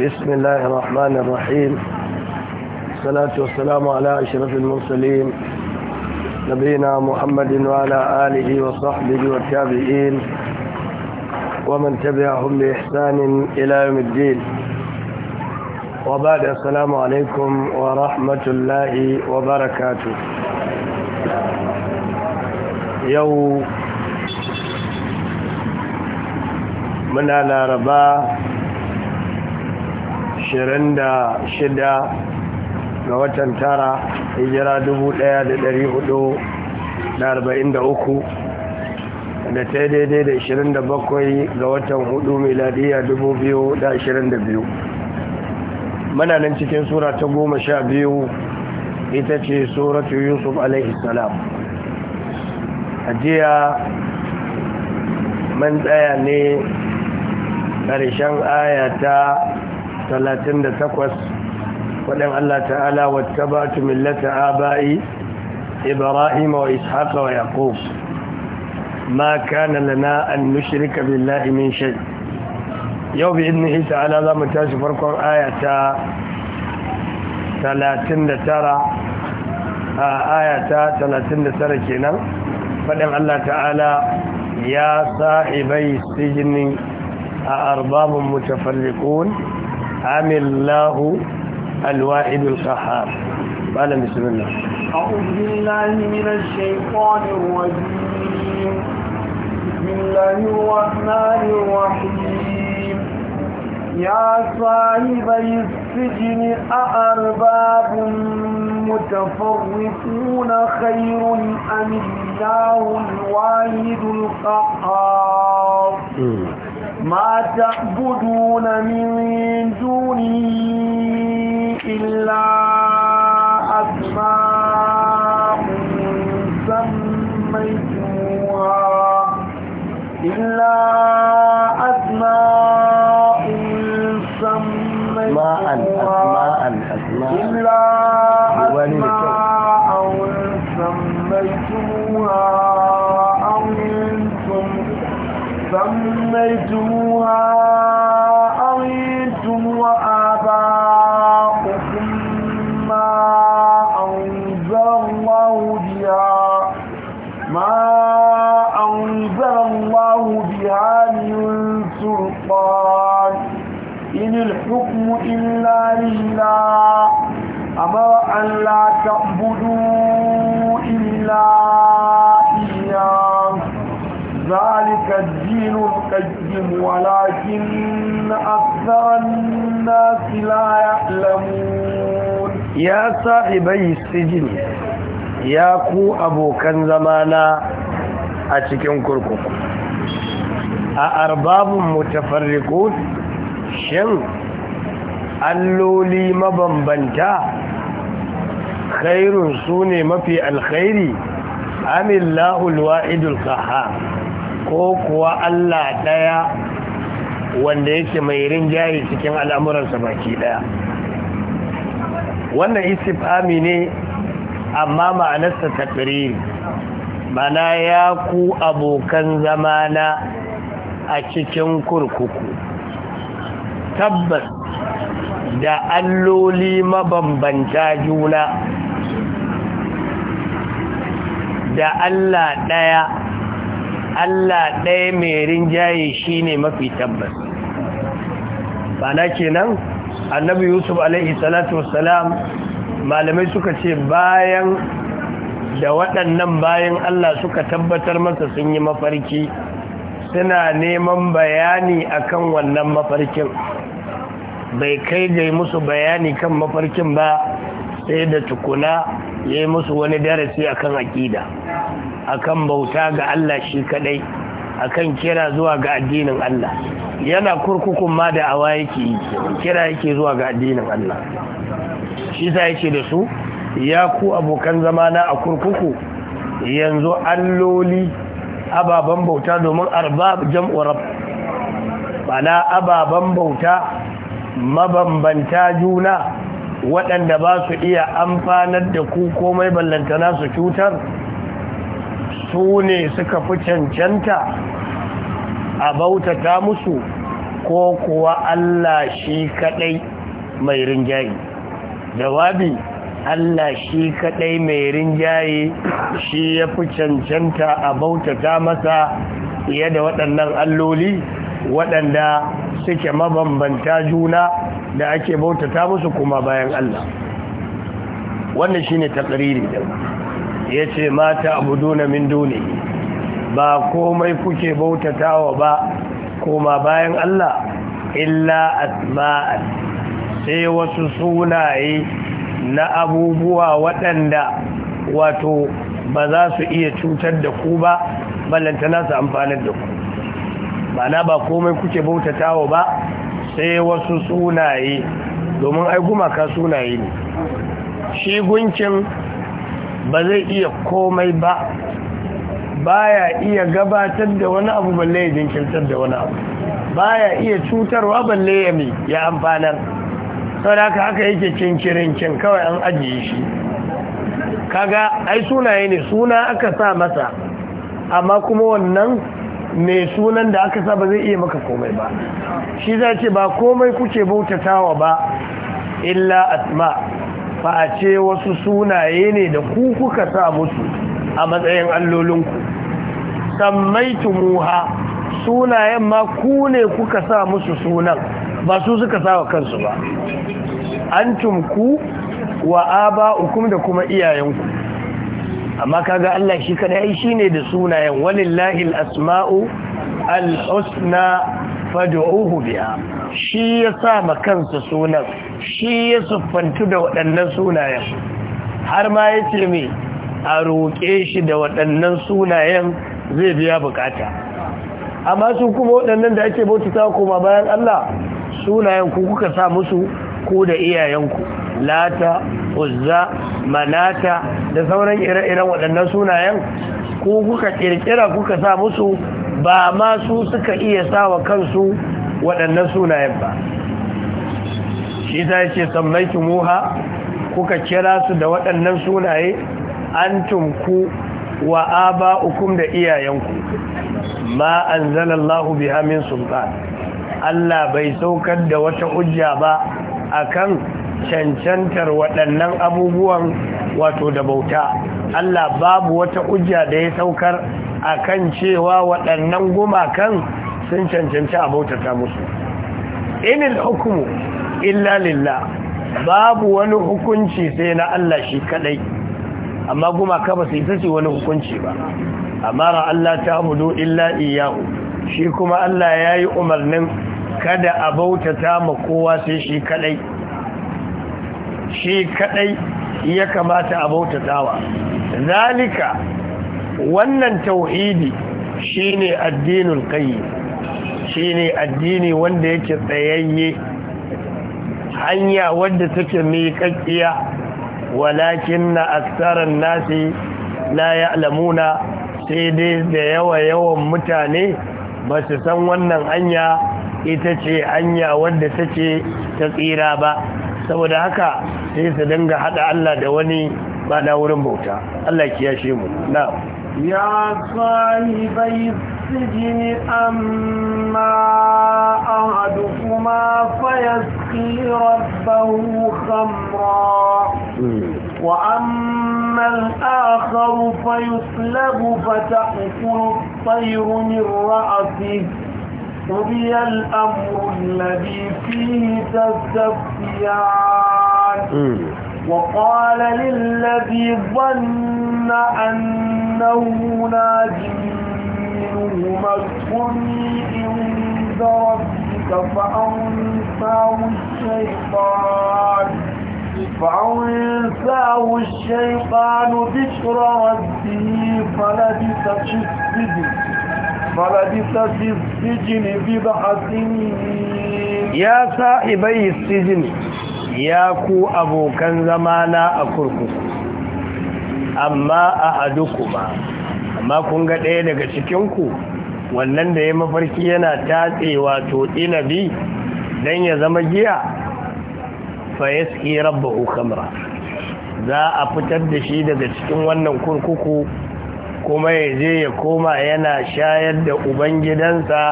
بسم الله الرحمن الرحيم الصلاة والسلام على أشرف المرسلين نبينا محمد وعلى آله وصحبه والتابعين ومن تبعهم بإحسان إلى يوم الدين وبعد السلام عليكم ورحمة الله وبركاته يوم muna laraba da shida ga watan tara hijira 1443 da ta daidai da 27 ga watan hudu miladiya 2022 muna nan cikin sura ta goma sha biyu ita ce suratu yusuf alaihi salam a jiya man tsaya ne ƙarshen ayata 38 waɗin Allah ta'ala wata ba tu millata aba'i ibrahim wa ishaqa wa yaqub ma kana lana an nushrika billahi min shay yau bi idnihi ta'ala za mu tashi farkon ayata 39 a ayata 39 kenan faɗin Allah ta'ala ya sahibai sijinin أأرباب متفرقون أم الله الواحد القهار قال بسم الله أعوذ بالله من الشيطان الرجيم بسم الله الرحمن الرحيم يا صاحب السجن أأرباب متفرقون خير أم الله الواحد القهار ma ta buduna min illa ya sahibai sijin ya ku abokan zamana a cikin kurkuku a arbabun mutafarriqun shin alloli mabambanta khairun sune mafi alkhairi amillahul wa'idul qahhar ko kuwa Allah daya wanda yake mai rinjaye cikin al'amuransa baki daya wannan istifami ne amma ma'anarsa tafiri mana ya ku abokan zamana a cikin kurkuku tabbas da alloli mabambanta juna da Allah ɗaya Allah ɗaya mai rinjaye shine mafi tabbas ba na kenan annabi yusuf alaihi salatu wassalam malamai suka ce bayan da waɗannan bayan allah suka tabbatar masa sun yi mafarki suna neman bayani akan wannan mafarkin bai kai ga musu bayani kan mafarkin ba sai da tukuna ya yi musu wani darasi akan aƙida akan bauta ga allah shi kadai akan kira zuwa ga addinin allah yana kurkukun ma da awa yake kira yake zuwa ga addinin Allah shi sa yake da su ya ku abokan zamana a kurkuku yanzu alloli ababen bauta domin arbab jam'u rab ababen bauta mabambanta juna waɗanda ba su iya amfanar da ku komai ballantana su cutar su ne suka fi cancanta a bautata musu ko kuwa Allah shi kadai mai rinjaye jawabi Allah shi kadai mai rinjaye shi ya fi cancanta a bautata masa fiye da waɗannan alloli waɗanda suke mabambanta juna da ake bautata musu kuma bayan Allah wannan shine taqriri ya yace mata duna min duniya. ba komai kuke bautatawa ba koma bayan Allah illa asma'an sai wasu sunaye na abubuwa waɗanda wato ba za su iya cutar da ku ba ballantana su amfanin da ku ba na ba komai kuke bautatawa ba sai wasu sunaye domin ai gumaka sunaye ne shi guncin ba zai iya komai ba baya iya gabatar da wani abu balle ya jinkirtar da wani abu baya iya cutarwa balle ya mi ya amfanar sau da haka yake kinkirinkin kawai an ajiye shi kaga ai sunaye ne suna aka sa masa amma kuma wannan mai sunan da aka sa ba zai iya maka komai ba shi za ce ba komai kuke bautatawa ba illa asma fa ce wasu sunaye ne da ku kuka sa musu a matsayin allolinku sammaitumuha sunayen ma ku ne kuka sa musu sunan ba su suka sawa kansu ba antum ku wa aba'ukum da kuma iyayenku amma kaga Allah shi kada shi ne da sunayen walillahi alasma'u asmau fad'uhu biha shi ya sa ma kansa sunan shi ya sufantu da waɗannan sunayen har ma yace me a roƙe shi da waɗannan sunayen zai biya bukata amma su kuma waɗannan da ake ta koma bayan Allah sunayen ku kuka sa musu ku da iyayenku lata uzza manata da sauran ire-iren waɗannan sunayen ku kuka ƙirƙira kuka sa musu ba ma su suka iya sawa kansu waɗannan sunayen ba shi ta ce sammaiki muha kuka kira su da waɗannan sunaye an tunku wa aba'ukum da iyayenku ma anzalallahu biha min sultan Allah bai saukar da wata hujja ba akan cancantar waɗannan abubuwan wato da bauta Allah babu wata hujja da ya saukar akan cewa waɗannan gumakan sun cancanci a bautata musu inil hukumu illa lillah babu wani hukunci sai na Allah shi kadai amma gumaka ba su yi sace wani hukunci ba amara Allah ta abudu illa iyahu shi kuma Allah ya yi umarnin kada a bautata ma kowa sai shi kadai shi kadai ya kamata a bautatawa zalika wannan tauhidi shine addinul shi shine addini wanda yake tsayayye hanya wadda take miƙaƙƙiya walakin na aksaran nasi la lamuna sai dai da yawa yawan mutane ba su san wannan hanya ita ce hanya wadda take ta tsira ba saboda haka sai su dinga hada Allah da wani ba na wurin bauta Allah kiyashe mu na ya sahibai السجن أما أحدكما فيسقي ربه خمرا وأما الآخر فيصلب فتأكل الطير من رأسه قضي الأمر الذي فيه تستفتيان وقال للذي ظن أنه ناجي Masu kunni da faunin tawun shekaru. Faunin tawun shekaru bi Ya sa Ibaiyya Sijin ya ku abokan zamana a kurkuku, amma a aduko amma kun ga ɗaya daga cikinku wannan da ya mafarki yana tatse wato inabi don ya zama giya fa ya suke rabba hukamra za a fitar da shi daga cikin wannan kurkuku kuma ya je ya koma yana shayar da ubangidansa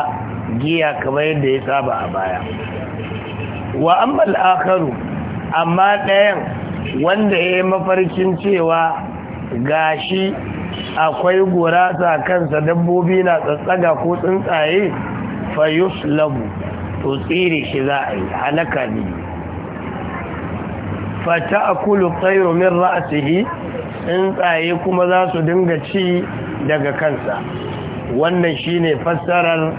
giya kamar yadda ya saba a baya wa ammal akaru amma ɗayan wanda ya yi mafarkin cewa gashi akwai gurasa kansa dabbobi na tsatsaga ko tsuntsaye fayus labu to tsire shi za a yi halaka ne fata akulu Kulu min ra'asihi tsuntsaye kuma za su dinga ci daga kansa wannan shi ne fassarar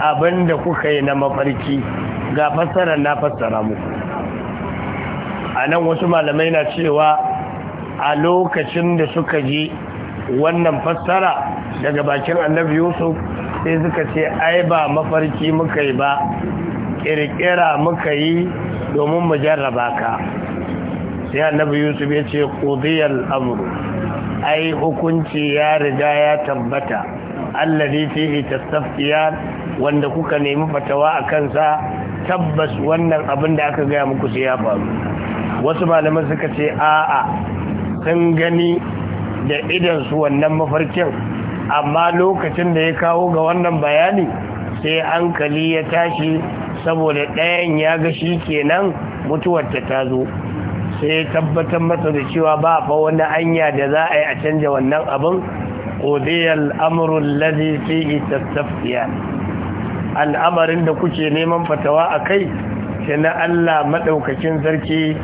abinda kuka yi na mafarki ga fassarar na fassara muku a nan wasu malamai na cewa a lokacin da suka je wannan fassara daga bakin annabi yusuf sai suka ce ai ba mafarki muka yi ba ƙirƙira muka yi domin mu jarraba ka sai annabi yusuf ya ce ƙudiyar amuru ai hukunci ya riga ya tabbata allazi fihi tastafiyan wanda kuka nemi fatawa a kansa tabbas wannan abin da aka gaya muku sai ya faru wasu malaman suka ce a'a sun gani da su wannan mafarkin amma lokacin da ya kawo ga wannan bayani sai hankali ya tashi saboda ɗayan ya ga shi kenan mutuwarta ta zo sai tabbatar masa da cewa ba fa wani hanya da za a yi a canja wannan abin ƙodiyar amurin lazi fi al'amarin da kuke neman fatawa a kai shi na allah maɗaukacin sarki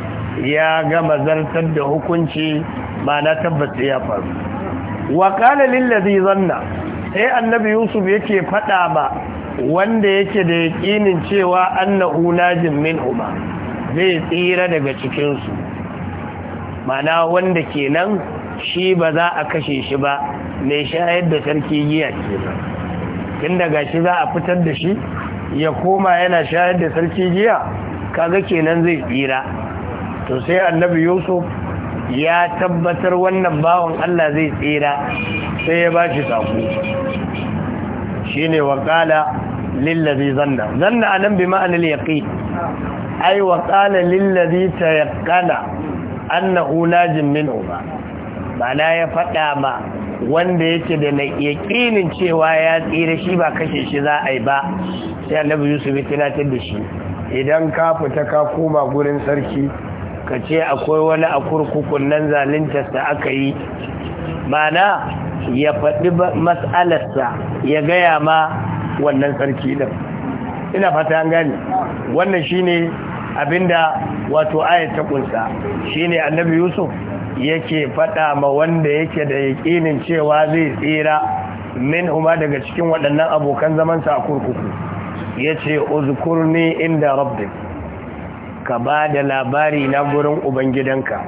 ya gama zartar da hukunci ma'ana tabbata ya faru wa qala lil zanna sai annabi yusuf yake fada ba wanda yake da yakinin cewa annahu najin minhuma zai tsira daga cikin su ma'ana wanda kenan shi ba za a kashe shi ba mai shayar da sarki giya kenan tun daga shi za a fitar da shi ya koma yana shayar da sarki giya kaga kenan zai tsira to sai annabi yusuf ya tabbatar wannan bawan Allah zai tsira sai ya bashi sako ne waƙala lillazi zanna zanna nan bi ma'anar yaqin Ai waƙala lillazi tayaqqana na najim minhu ba bana ya faɗa ma wanda yake da yaqinin cewa ya tsira shi ba kashe shi za a yi ba sai annabi yusuf ya tunatar da shi idan ka fita ka koma gurin sarki ka ce akwai wani a kurkukun nan ta aka yi mana ya faɗi matsalarsa ya gaya ma wannan sarki ɗin ina fata an gani wannan shi abin abinda wato ayat ta kunsa ne annabi yusuf yake faɗa ma wanda yake da yaƙinin cewa zai tsira min huma daga cikin waɗannan abokan zamansa a kurkuku ya ce uzukurni inda rabbi ka ba da labari na gurin ubangidanka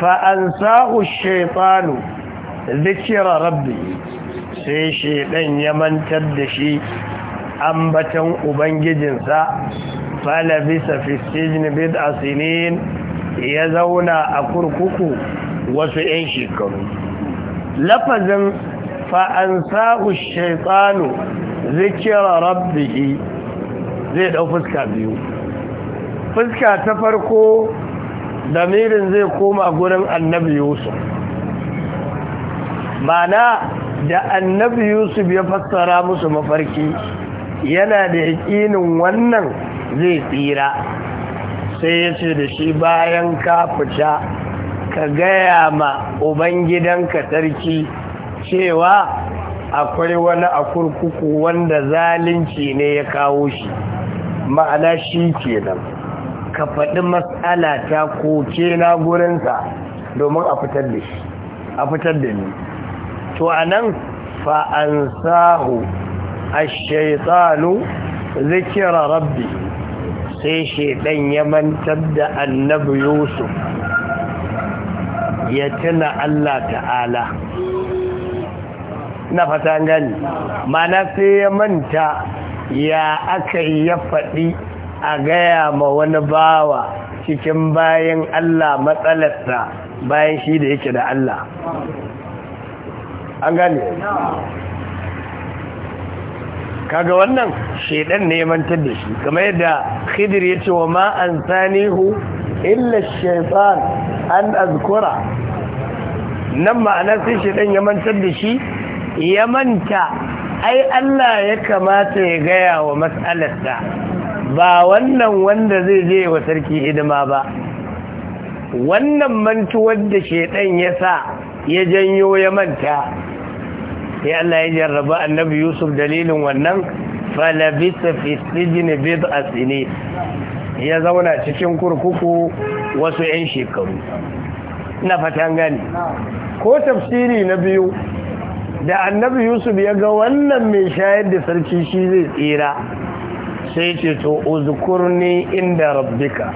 fa'an sa'u shaifanu zikira rabbi sai shaidan ya mantar da shi ambatan ubangijinsa falabisa fistijin bid asinin ya zauna a kurkuku wasu 'yan shekaru lafazin fa'an sa'u shaifanu zikira rabbi zai ɗau fuska biyu fuska ta farko damirin zai koma gurin annabi yusuf mana da annabi yusuf ya fassara musu mafarki yana da yaƙinin wannan zai tsira sai ya ce da shi bayan ka fita ka gaya ma ubangidanka sarki cewa akwai wani a kurkuku wanda zalunci ne ya kawo shi ma'ana shi kenan ka faɗi matsala ta koke na gurinsa domin a fitar da shi a fitar da ni to a nan fa'ansahu a shaitanu zikira rabbi sai shaidan ya mantar da annabi yusuf ya tuna Allah ta'ala na fata gani mana sai ya manta ya aka yi ya faɗi a gaya ma wani bawa cikin bayan Allah matsalarsa bayan shi da yake da Allah an gane kaga wannan shaidan ne mantar da shi kamar yadda khidir ya ce wa ma sanihu illa shaitan an azkura nan ma'ana sai shaidan ya mantar da shi ya manta ai Allah ya kamata ya gaya wa matsalarsa ba wannan wanda zai je wa sarki hidima ba wannan mantuwar da shedan ya sa ya janyo ya manta sai Allah ya jarraba annabi Yusuf dalilin wannan falabisa fi sijni a sinin ya zauna cikin kurkuku wasu 'yan shekaru na fatan gani ko tafsiri na biyu da annabi yusuf ya ga wannan mai shayar da sarki shi zai tsira sai ce to uzkurni inda rabbika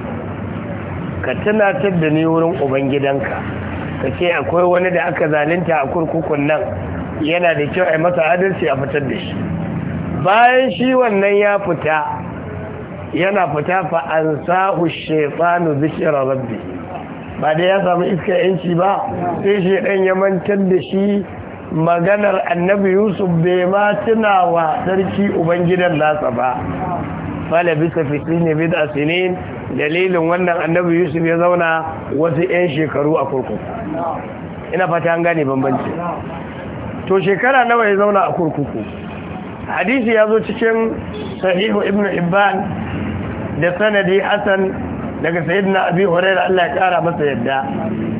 ka tunatar da ni wurin ubangidanka ka ce akwai wani da aka zalunta a kurkukun nan yana da kyau a masa adalci a fitar da shi bayan shi wannan ya fita yana fita fa an sahu shefanu zikira rabbi ba da ya samu iska yanci ba sai shaidan ya mantar da shi maganar annabi yusuf bai ma tuna wa sarki ubangidan nasa ba fala bisa fitini bid asinin dalilin wannan annabi yusuf ya zauna wasu 'yan shekaru a kurkuku ina fata an gane bambanci to shekara nawa ya zauna a kurkuku hadisi ya zo cikin sahihu Ibn ibban da sanadi hasan daga sayyidina abi hurairah Allah ya kara masa yadda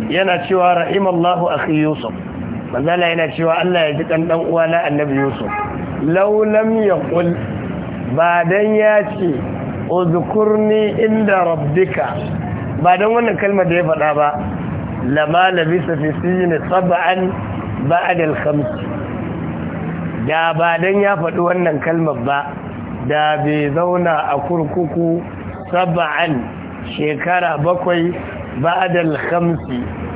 yana cewa rahimallahu akhi yusuf manzala yana cewa Allah ya ji kan uwana annabi yusuf laulam ya yaqul ba don ya ce uzkurni inda rabbika ba don wannan kalmar da ya faɗa ba lama labisa fi sijni sab'an ba'd al-khams da ba don ya faɗi wannan kalmar ba da bai zauna a kurkuku sab'an shekara bakwai ba'd al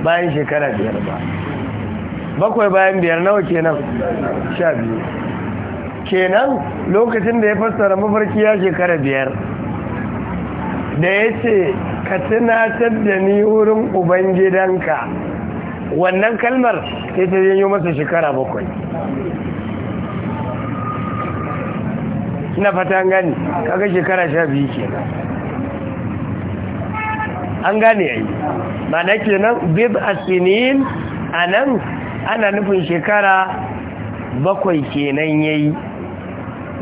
bayan shekara biyar ba bakwai bayan biyar nawa kenan sha biyu kenan lokacin da ya fassara mafarki ya shekara biyar da ya ce ka tunatar da ni wurin ubangidanka wannan kalmar ya ce yi masa shekara bakwai na fatan gani kaga shekara sha biyu kenan an gane yayi na kenan bib asinin a nan ana nufin shekara bakwai kenan yayi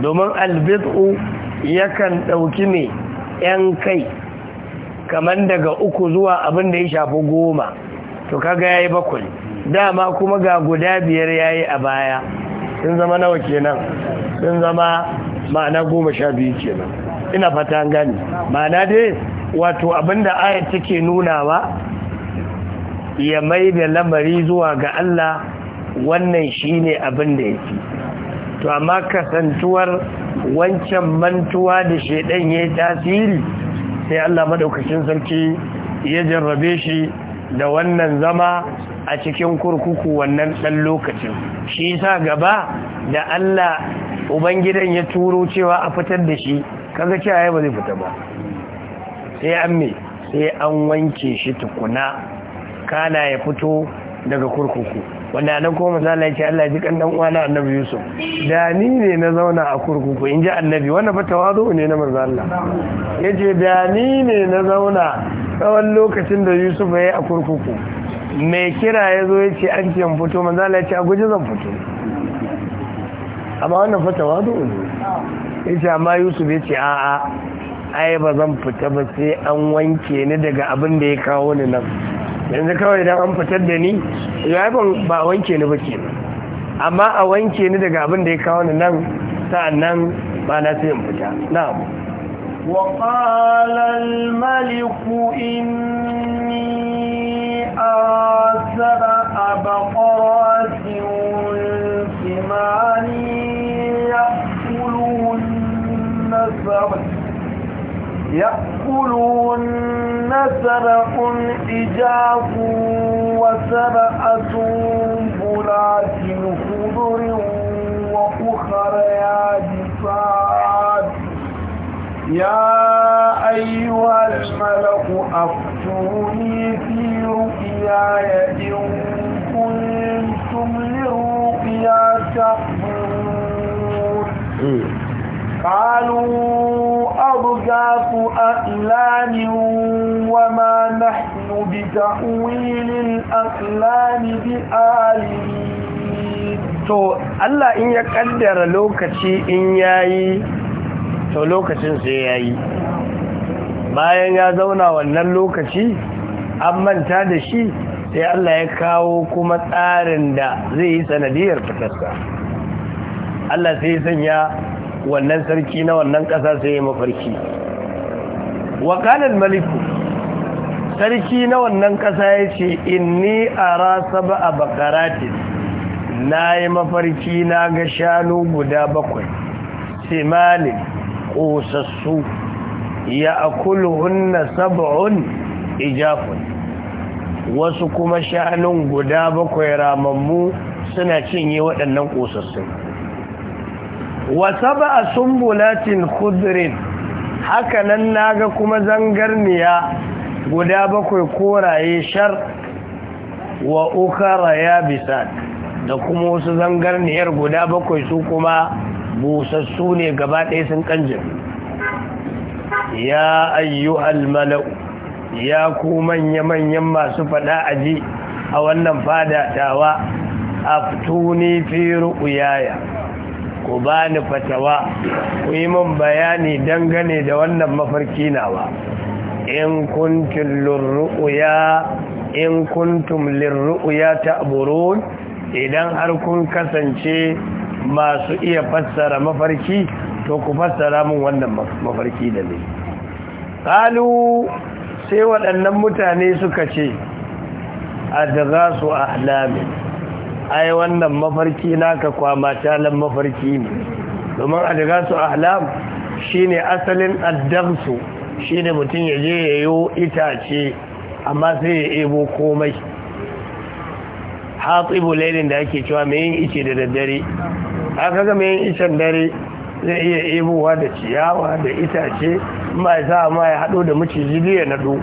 domin albid'u yakan ɗauki mai 'yan kai kamar daga uku zuwa abin da ya shafi goma to kaga ya yi bakwai dama kuma ga guda biyar ya a baya sun zama nawa kenan sun zama ma'ana goma sha biyu kenan ina fata gani ma'ana dai wato abinda ayat take nunawa ya mai da lamari zuwa ga Allah wannan shi ne abin da yake to amma kasantuwar wancan mantuwa da shaidan ya yi tasiri sai Allah madaukakin sarki ya jarrabe shi da wannan zama a cikin kurkuku wannan ɗan lokacin shi sa gaba da Allah ubangidan ya turo cewa a fitar da shi kaga cewa ya ba zai fita ba sai an me sai an wanke shi tukuna kana ya fito daga kurkuku wanda nan ko misali ce Allah ji kan dan uwana annabi Yusuf da ni ne na zauna a kurkuku in ji annabi wannan fa tawazu ne na manzo Allah yace da ni ne na zauna tsawon lokacin da Yusuf ya yi a kurkuku mai kira ya zo ya ce an ce fito manzo Allah ya ce a guji zan fito amma wannan fa tawazu ne yace amma Yusuf ya ce a'a ai ba zan fita ba sai an wanke ni daga abin da ya kawo ni nan yanzu kawai idan an fitar da ni ya ba wanke ni ba ba, amma a wanke ni daga abin da ya kawo ni nan sa'annan ba na sai in fita na. na'am وقال الملك إني أرى سبع بقرات ثمان يأكلون na يأكلون سبع إجاف وسبع سنبلات خضر وأخرى يادفات يا أيها الملك أفتوني في رؤياي إن كنتم لرؤيا تأمرون قالوا أرجاف أحلام وما نحن بتأويل الأحلام بآلين to Allah in ya ƙaddara lokaci in yi, to lokacin sai yayi bayan ya zauna wannan lokaci an manta da shi sai Allah ya kawo kuma tsarin da zai yi sanadiyar fitarsa Allah sai sanya wannan sarki na wannan ƙasa sai ya mafarki ƙanar maliku sarki na wannan ƙasa ya ce inni a rasa ba a bakaratis na yi mafarki na ga shanu guda bakwai simalin ƙosassu ya hunna sab'un ijafun wasu kuma shanun guda bakwai ramammu suna cinye waɗannan ƙosassun wa sab'a sumbulatin khudrin haka nan ga kuma zangarniya guda bakwai koraye shar wa ya bisa da kuma wasu zangarniyar guda bakwai su kuma busassu ne gaba ɗaya sun kanjin ya ayyu almalau ya ku manya-manyan masu faɗa aji a wannan fada tawa aftuni fi ru'uyaya ku ba ni fatawa ku yi min bayani dangane da wannan mafarki nawa in kuntum lirru'ya in kuntum lirru'ya ta'burun idan har kun kasance masu iya fassara mafarki to ku fassara min wannan mafarki da ne qalu sai waɗannan mutane suka ce su ahlamin ai wannan mafarki naka kwamata lan mafarki ne domin a daga su ahlam shine asalin addamsu shine mutum ya je ya yi itace amma sai ya ebo komai hatsibu lailin da ake cewa mai yin ice da daddare a kaga mai yin icen dare zai iya ebowa da ciyawa da itace ma ya sa ma ya haɗo da maciji ya naɗo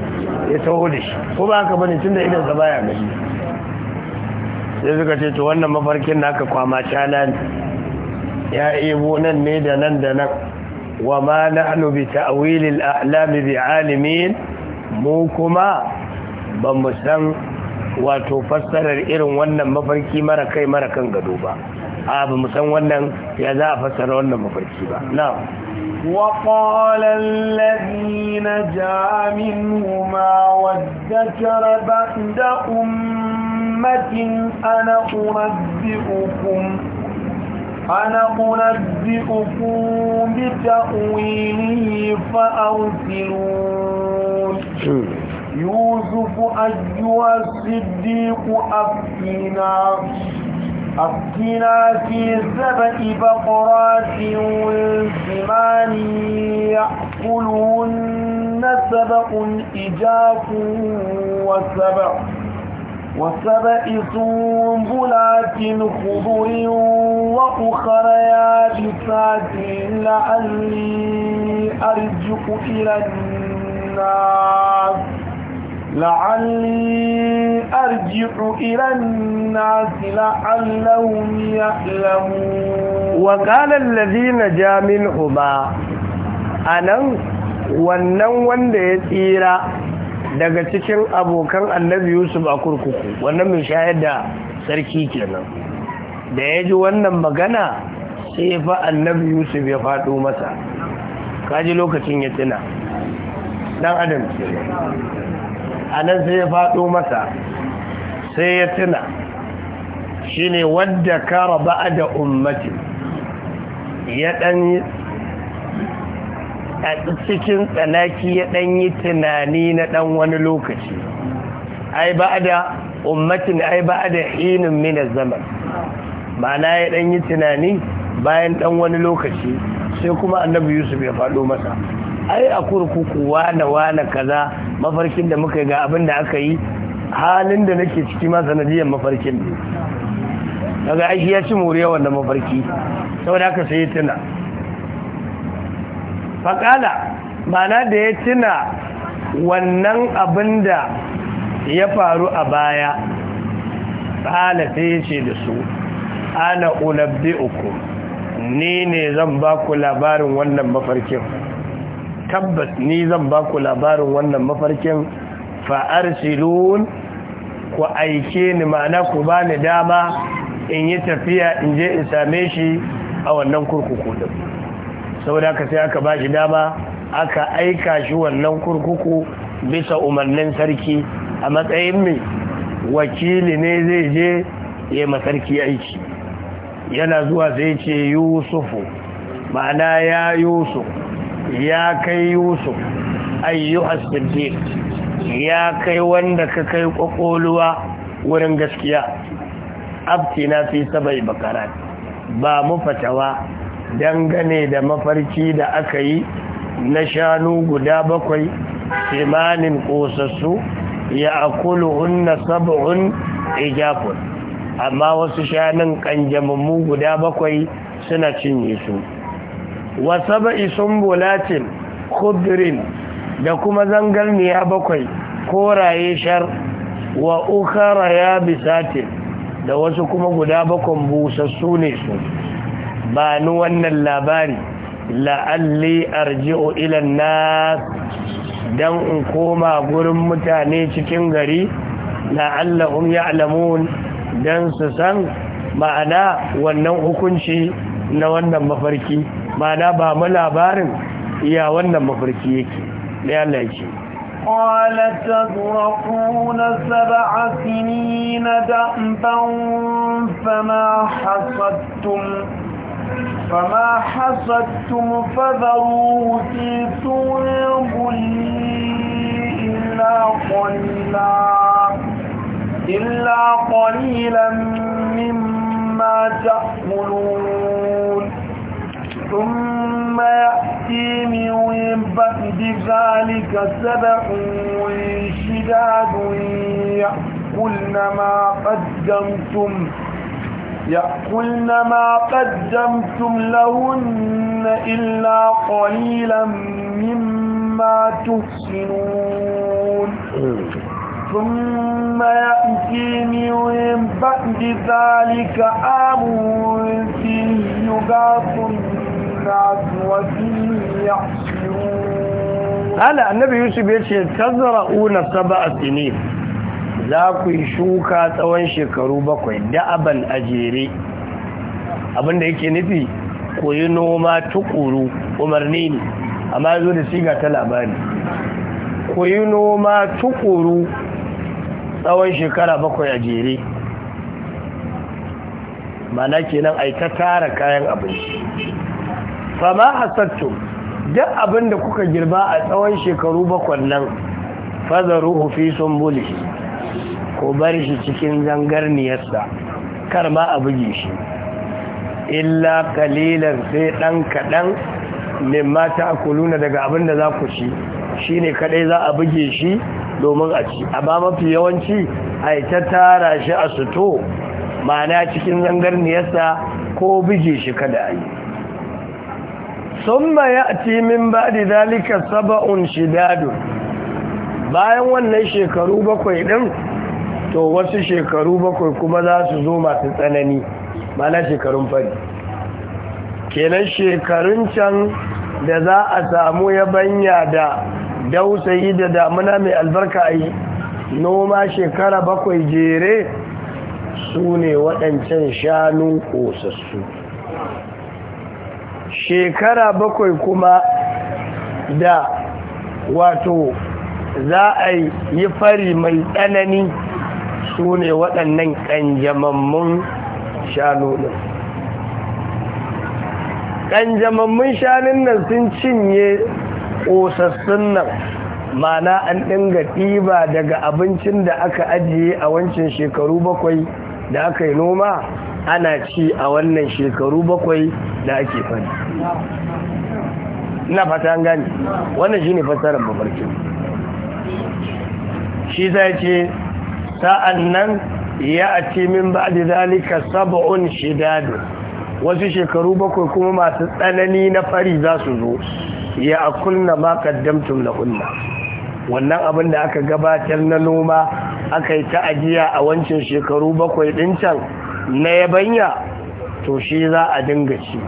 ya taho da shi ko ba ka bane tun da idan sa baya gani sai suka ce to wannan mafarkin naka kwama cana ya ebo nan ne da nan da nan wa ma nahnu bi ta'wilil a'lami bi alimin mu kuma ba mu san wato fassarar irin wannan mafarki mara kai mara kan gado ba a ba mu san wannan ya za a fassara wannan mafarki ba na'am وقال الذين جاء منهما وادكر بعد أمة أنا أنبئكم أنا أنبئكم بتأويله فأرسلون يوسف أيها الصديق أفتنا أفتنا في سبع بقرات والزمان يأكلهن سبع إجاف وسبع وسبع سنبلات خضر وأخر يابسات لعلي أرجع إلى الناس لعلي أرجع إلى الناس لعلهم يعلمون وقال الذين جاء منهما أنا wannan wanda ya tsira daga cikin abokan annabi yusuf a kurkuku wannan mai shayar da sarki kenan da ya ji wannan magana sai ya fa annabi yusuf ya faɗo masa kaji lokacin ya tuna dan adam a nan sai ya faɗo masa sai ya tuna shi ne wadda kara ba'a da ummati ya ɗan a cikin tsanaki ya ɗan yi tunani na ɗan wani lokaci ai ba da ummatin ai ba da hinin mina zaman ma'ana ya ɗan yi tunani bayan ɗan wani lokaci sai kuma annabi yusuf ya faɗo masa ai a kurkuku wane wane kaza mafarkin da muka ga abin da aka yi halin da nake ciki ma sanadiyar mafarkin daga aiki ya ci moriya wannan mafarki saboda aka sai tuna faƙala mana da ya tuna wannan abin da ya faru a baya ƙala ta yi ce da su ana ulabbi uku ni ne zan ba ku labarin wannan mafarkin tabbas ni zan ba ku labarin wannan mafarkin fa'arsilun ku aike ni ma'ana ku ba ni dama in yi tafiya in je in same shi a wannan kurkuku saboda ka sai aka ba shi dama aka aika shi wannan kurkuku bisa umarnin sarki a matsayin mai wakili ne zai je ya sarki aiki yana zuwa sai ce yusufu ma'ana ya yusuf ya kai yusuf ayyuhas siddiq ya kai wanda ka kai kokoluwa wurin gaskiya abtina fi sabai Bakara ba mu fatawa dangane da mafarki da aka yi na shanu guda bakwai kimanin ƙosassu ya akulu hunna sab'un ijafun amma wasu shanun kanjamammu guda bakwai suna cinye su wa sab'i sumbulatin khudrin da kuma zangarniya bakwai koraye shar wa ukhra yabisatin da wasu kuma guda bakon busassu ne su ba ni wannan labari la'alli arji'u ilan nas don in koma gurin mutane cikin gari la'allahum ya'lamun don su san ma'ana wannan hukunci na wannan mafarki ma'ana ba mu labarin iya wannan mafarki yake da Allah yake قال تدركون سبع سنين دأبا فما حصدتم فما حصدتم فذروه في سنبله إلا قليلا إلا قليلا مما تأكلون ثم يأتي من بعد ذلك سبع شداد يأكلن ما قدمتم يأكلن ما قدمتم لهن إلا قليلا مما تحسنون ثم يأتي من بعد ذلك عام فيه يغاث الناس وفيه يحسنون هلا النبي يوسف يقول تزرعون سبع سنين za ku yi shuka tsawon shekaru bakwai da'aban a jere abinda yake nufi ku yi noma tukuru umarni ne amma zo da siga ta labari ku yi noma tukuru tsawon shekara bakwai a jere mana kenan ai ta tara kayan abinci fama hasattu duk abinda kuka girba a tsawon shekaru bakwai nan fazaru fi sun bulishi ko bari shi cikin zangarniyarsa kar ma a buge shi illa kalilan sai ɗan kaɗan mimma ta kuluna daga abin da za ku ci shi ne kaɗai za a buge shi domin a ci amma mafi yawanci a ta tara shi a suto mana cikin zangarniyarsa ko buge shi kada a yi sun ma ya ci min ba da zalika saba'un shidadu. bayan wannan shekaru bakwai ɗin to wasu shekaru bakwai kuma za su zo masu tsanani mana shekarun fari kenan shekarun can da za a samu ya banya da dausayi da damuna mai albarka a yi noma shekara bakwai jere su ne waɗancan shanu ƙosassu shekara bakwai kuma da wato za a yi fari mai tsanani su ne waɗannan ƙanjamammun shanu ƙanjamammun shanun nan sun cinye ƙosassun nan mana an ɗinga ɗiba daga abincin da aka ajiye a wancan shekaru bakwai da aka yi noma ana ci a wannan shekaru bakwai da ake fari na fata gani wannan shi ne fasarar mafarkin shi zai ce sa'an nan ya a ce min da zalika sab'un shidad wasu shekaru bakwai kuma masu tsanani na fari za su zo ya akulna ma na lahunna wannan abin da aka gabatar na noma aka yi ta ajiya a wancan shekaru bakwai din can na yabanya to shi za a dinga shi,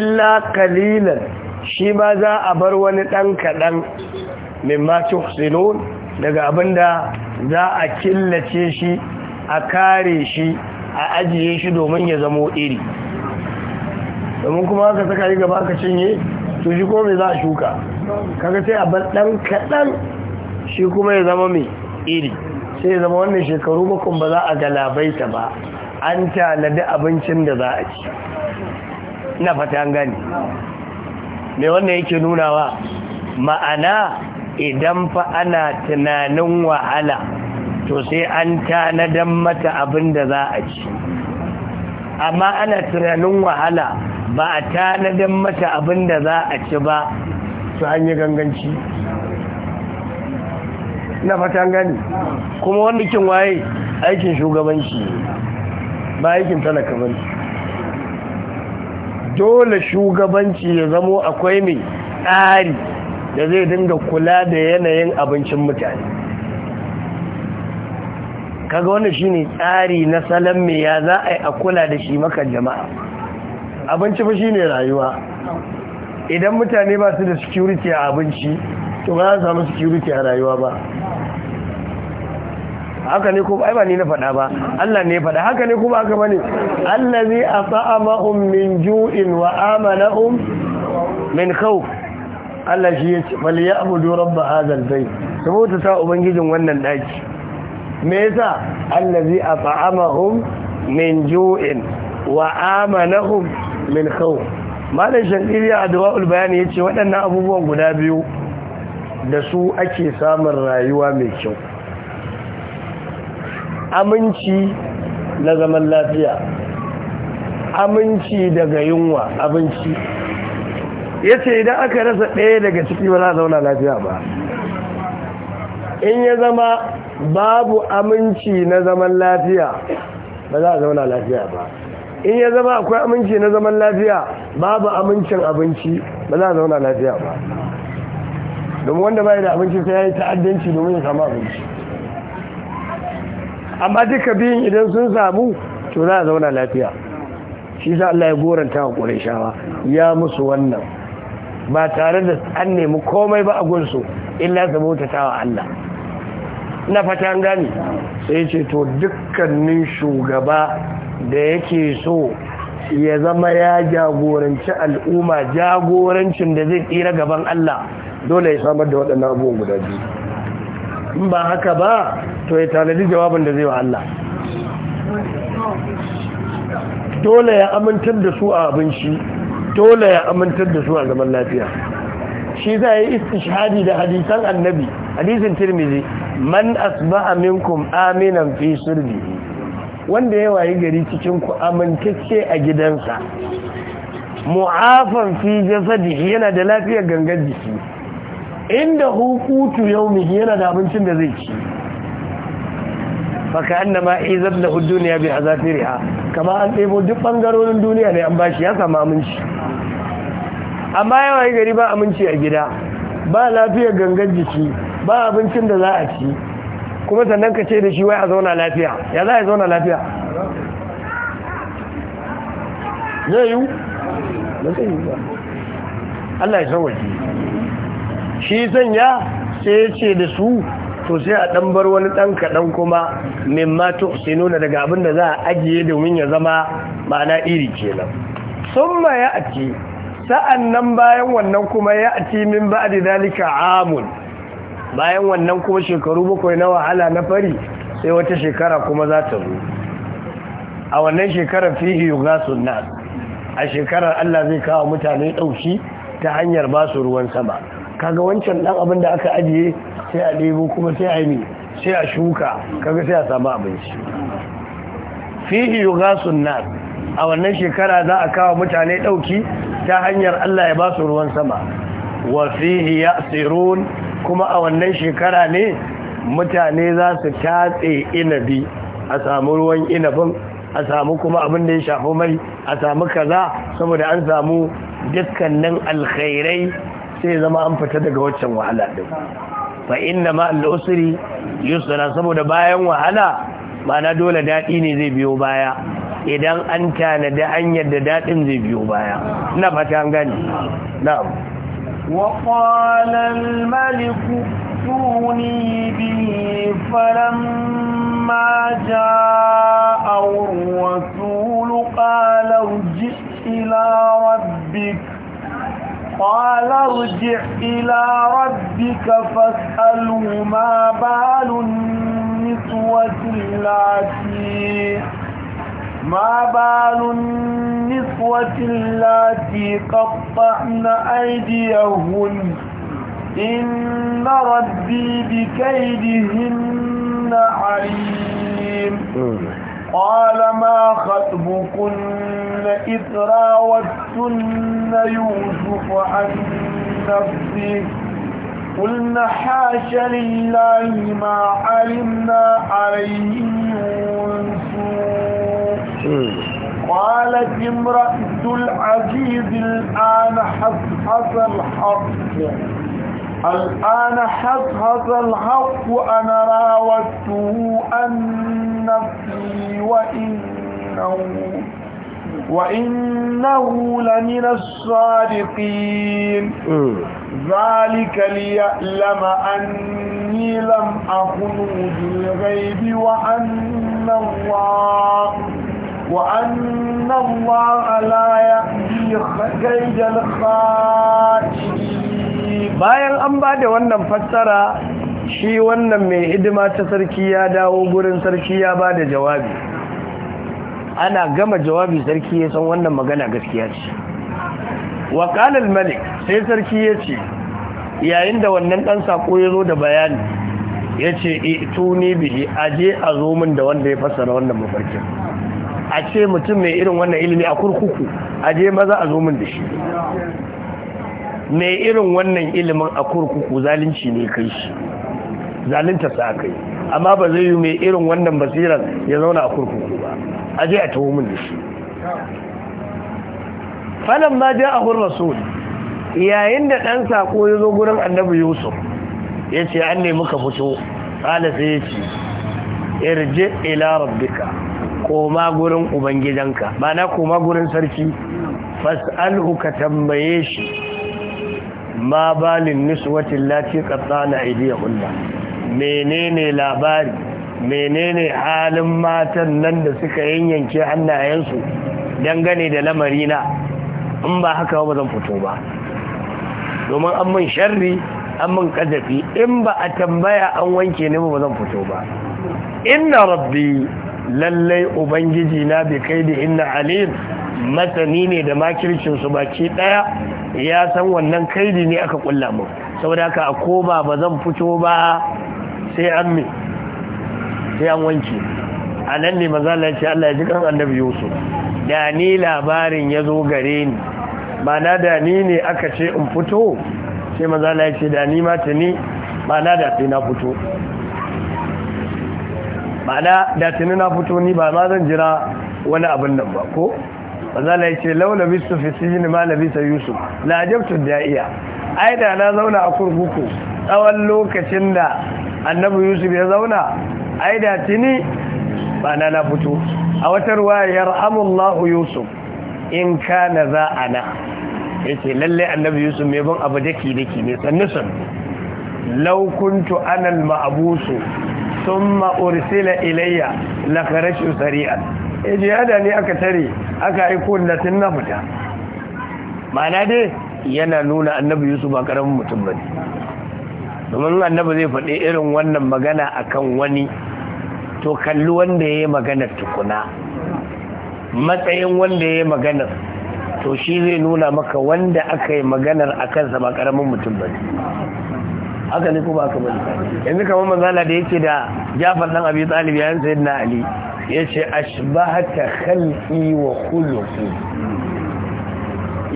illa kalilan shi ma za a bar wani ɗan kaɗan min ma daga abin da za a killace shi a kare shi a ajiye shi domin ya zamo iri domin kuma aka saka yi gaba ka cinye to shi kome za a shuka kaga sai a bar kaɗan shi kuma ya zama mai iri sai ya zama wannan shekaru bakon ba za a galabaita ba an tanadi abincin da za a ci na fata gani mai wannan yake nunawa ma'ana idan fa ana tunanin wahala to sai an tanadan mata abin da za a ci amma ana tunanin wahala ba a tanadan mata abin da za a ci ba to an yi ganganci na fatan gani kuma wanda kin waye aikin shugabanci ba aikin talaka ba dole shugabanci ya zamo akwai mai tsari da zai dinga kula da yanayin abincin mutane kaga shi shine tsari na salon mai ya za a yi a kula da shi maka jama'a abinci shi shine rayuwa idan mutane ba su da security a abinci to ba za samu security a rayuwa ba haka ne kuma aibani ba ni na faɗa ba Allah ne fada faɗa haka ne kuma aka bane allazi asa'amahum min ju'in wa min kawo Allah shi ya ce ya ya'budu rabb rabba al-bayt saboda ta ubangijin wannan daki me yasa allazi at'amahum min ju'in wa amanahum min khawf malam shankiri a duwa'ul bayani yace waɗannan abubuwan guda biyu da su ake samun rayuwa mai kyau aminci na zaman lafiya aminci daga yunwa abinci ya ce idan aka rasa ɗaya daga ciki ba za a zauna lafiya ba in ya zama babu aminci na zaman lafiya ba za a zauna lafiya ba in ya zama akwai aminci na zaman lafiya babu amincin abinci ba za a zauna lafiya ba domin wanda bai da abinci sai ya yi ta'addanci domin ya samu abinci amma duka biyun idan sun samu to za a zauna lafiya shi sa Allah ya goranta wa shawa ya musu wannan ba tare da an nemi komai ba a gunsu illa su ta wa Allah na fata gani sai ce to dukkanin shugaba da yake so ya zama ya jagoranci al'umma jagorancin da zai tsira gaban Allah dole ya samar da waɗannan abubuwan guda biyu ba haka ba to ya tanadi jawabin da zai wa Allah dole ya amintar da su a abinci dole ya amintar da su a zaman lafiya shi za a yi istishadi da hadisan annabi hadisin tirmizi man asba aminkum aminan fi surbi wanda ya wayi gari cikin ku amintacce a gidansa mu'afan fi jasadi yana da lafiyar gangan jiki inda hukutu yaumihi yana da abincin da zai ci faka an da ma'izar da duniya bai a zafiriya kama an ɗebo duk ɓangarorin duniya ne an bashi ya samu aminci amma yawa gari ba aminci a gida ba lafiyar gangan jiki ba abincin da za a ci kuma sannan ka ce da shi wai a zauna lafiya ya za a zauna lafiya zai yiwu ba ba Allah ya san waje shi sanya sai ya ce da su to sai a dan bar wani ɗan kaɗan kuma mimma sai nuna daga abin da za a ajiye domin ya zama ma'ana iri kenan sun ma ya ake sa'an nan bayan wannan kuma ya ci min ba da dalika amun bayan wannan kuma shekaru bakwai na wahala na fari sai wata shekara kuma za ta zo a wannan shekarar fihi yuga suna a shekarar Allah zai kawo mutane ɗauki ta hanyar ba su ruwan sama kaga wancan ɗan abin da aka ajiye sai a ɗebo kuma sai a yi sai a shuka kaga sai a samu abinci fihi yuga suna a wannan shekara za a kawo mutane ɗauki ta hanyar Allah ya ba su ruwan sama wa ya tsirun kuma a wannan shekara ne mutane za su tatse inabi a samu ruwan inabin a samu kuma abin da ya shafi mai a samu kaza saboda an samu dukkanin alkhairai sai zama an fita daga waccan wahala din fa inna ma al-usri yusra saboda bayan wahala mana dole daɗi ne zai biyo baya idan an tanadi hanyar da daɗin zai biyo baya na fata gani na'am وقال الملك ائتوني به فلما جاءه الرسول قال ارجع إلى قال ارجع إلى ربك فاسأله ما بال النسوة اللاتي ما بال النسوة اللاتي قطعن أيديهن إن ربي بكيدهن عليم قال ما خطبكن إذ راوتن يوسف عن نفسه قلنا حاش لله ما علمنا عليه من سوء قالت امرأة العزيز الآن حصحص الحق الآن حصحص الحق أنا راودته أن نفسي وإنه وإنه لمن الصادقين ذلك ليألم أني لم أخنه بالغيب وأن الله وأن الله لا يأتي كيد bayan an ba da wannan fassara shi wannan mai hidima ta sarki ya dawo gurin sarki ya ba da jawabi ana gama jawabi sarki ya san wannan magana gaskiya ce wa al malik sai sarki ya ce yayin da wannan dan sako ya zo da bayani ya ce tuni bihi aje a zo min da wanda ya fassara wannan mafarkin a ce mutum mai irin wannan ilimi a kurkuku aje maza a zo min da shi mai irin wannan ilimin a kurkuku zalunci ne kai shi zalunta sa kai amma ba zai yi mai irin wannan basiran ya zauna a kurkuku ba a je a taho min da shi Falon ma ja a hurra rasul yayin da ɗan sako ya zo gurin annabi yusuf ya ce an nemi ka fito ƙala sai ya ce irje ila rabbika koma gurin ubangidanka ba koma gurin sarki fas'alhu ka tambaye shi ma balin niswatin lati qattana aydiyahunna menene labari menene halin matan nan da suka yanyanke hannayensu dangane da lamari na in ba haka ba zan fito ba domin an mun sharri an mun kazafi in ba a tambaya an wanke ni ba zan fito ba inna rabbi lallai ubangiji na bai kai da inna alim masani ne da su baki daya ya san wannan kaidi ne aka kulla mu saboda haka a koma ba zan fito ba sai an me sai an wanke a nan ne mazala ce Allah ya ji kan annabi yusuf da ni labarin ya zo gare ni mana da ni ne aka ce in fito sai mazala ya ce da ni ma ta ni mana da sai na fito mana da tuni na fito ni ba ma zan jira wani abin nan ba ko mazala ya ce laula bisu fi sijin ma labisa yusuf la ajabtu da'iya ai da na zauna a kurkuku tsawon lokacin da annabi yusuf ya zauna ai da tuni ba na na fito a wata ruwa yarhamullahu yusuf in kana za na. yace lalle annabi yusuf mai ban abu ke daki ne sannisan laukuntu anan ana sun mabusu thumma ilayya na kharashu sari'an yace yada ne aka tare aka aiko na tun na fita ma'ana dai yana nuna annabi yusuf ba karamin mutum ne. domin annabi zai faɗi irin wannan magana akan wani to kalli wanda ya yi maganar tukuna matsayin wanda ya yi maganar to shi zai nuna maka wanda aka yi maganar a kansa ba karamin mutum ba ne haka ne kuma aka bari yanzu kamar manzala da yake da jafar dan abi talib ya sayyid na ali yace ashbahata khalqi wa khuluqi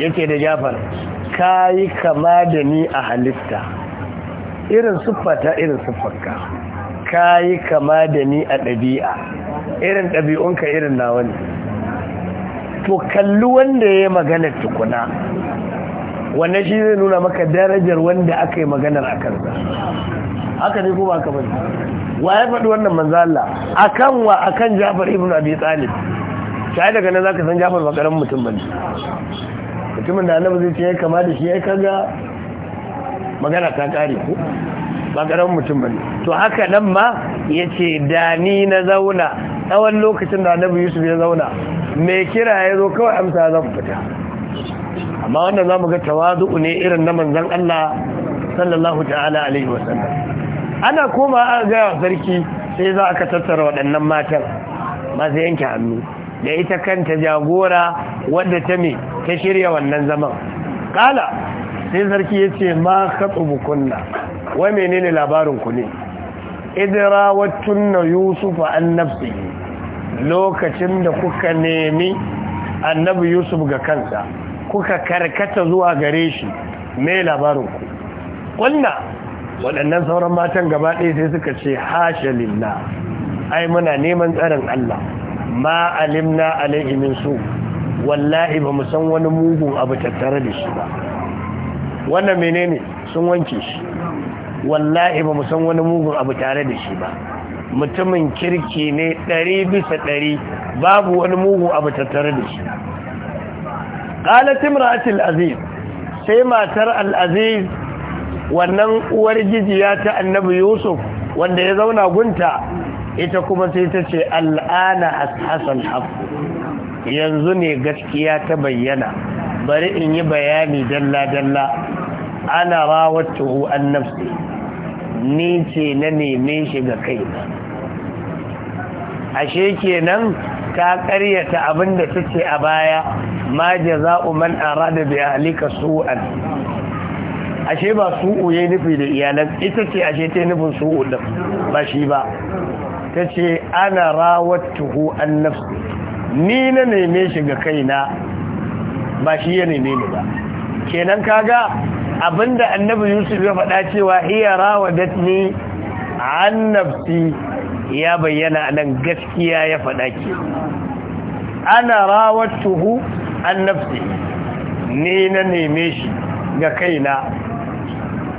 yake da jafar kayi kama da ni a halitta irin siffa ta irin siffarka ka yi kama da ni a ɗabi'a irin ɗabi'unka irin nawa ne to kalli wanda ya yi maganar tukuna wanda shi zai nuna maka darajar wanda aka yi maganar a kansa aka ne kuma aka bari wa ya faɗi wannan manzala a kan wa a kan jafar ibn abi talib shi daga nan za ka san jafar bakaran mutum bane mutumin da annabi zai ce ya kama da shi ya kaga magana ta kare ko ba mutum bane to haka nan ma ya ce da ni na zauna tsawon lokacin da annabi yusuf ya zauna me kira ya zo kawai amsa zan fita amma wannan zamu ga tawazu ne irin na manzon Allah sallallahu ta'ala alaihi wasallam ana koma ga sarki sai za ka tattara waɗannan matan masu yanke hannu da ita kanta jagora wadda ta me ta shirya wannan zaman kala sai sarki ya ce ma katsubu kunna wai menene labarin ku ne idrawatun na yusuf a lokacin da kuka nemi annabi yusuf ga kansa kuka karkata zuwa gare shi mai labarin ku kunna waɗannan sauran matan gaba ɗaya sai suka ce hasha lilla ai muna neman tsarin Allah ma alimna alaihimin su wallahi ba mu san wani mugun abu tattare da shi ba wannan menene sun wanke shi wallahi ba mu wani mugun abu tare da shi ba mutumin kirki ne ɗari bisa ɗari babu wani mugun abu tattare da shi ƙalatin ra'atul aziz sai matar al'aziz wannan uwar jijiya ta annabi yusuf wanda ya zauna gunta ita kuma sai ta ce al'ana hassan haku yanzu ne gaskiya ta bayyana bari in yi bayani dalla-dalla ana rawattuhu an nafsi ni ce na neme shi ga kaina ashe kenan ka karyata abinda take a baya ma jaza'u man arada bi ahlika su'an ashe ba su'u yayi nufi da iyalan ita ce ashe ta nufin su'u din ba shi ba tace ana rawattuhu an nafsi ni na neme shi ga kaina ba shi ya neme ni ba kenan kaga abinda annabi yusuf ya faɗa cewa hiya rawadatni an nafsi ya bayyana nan gaskiya ya faɗa ki ana rawatuhu an nafsi ne na neme shi ga kaina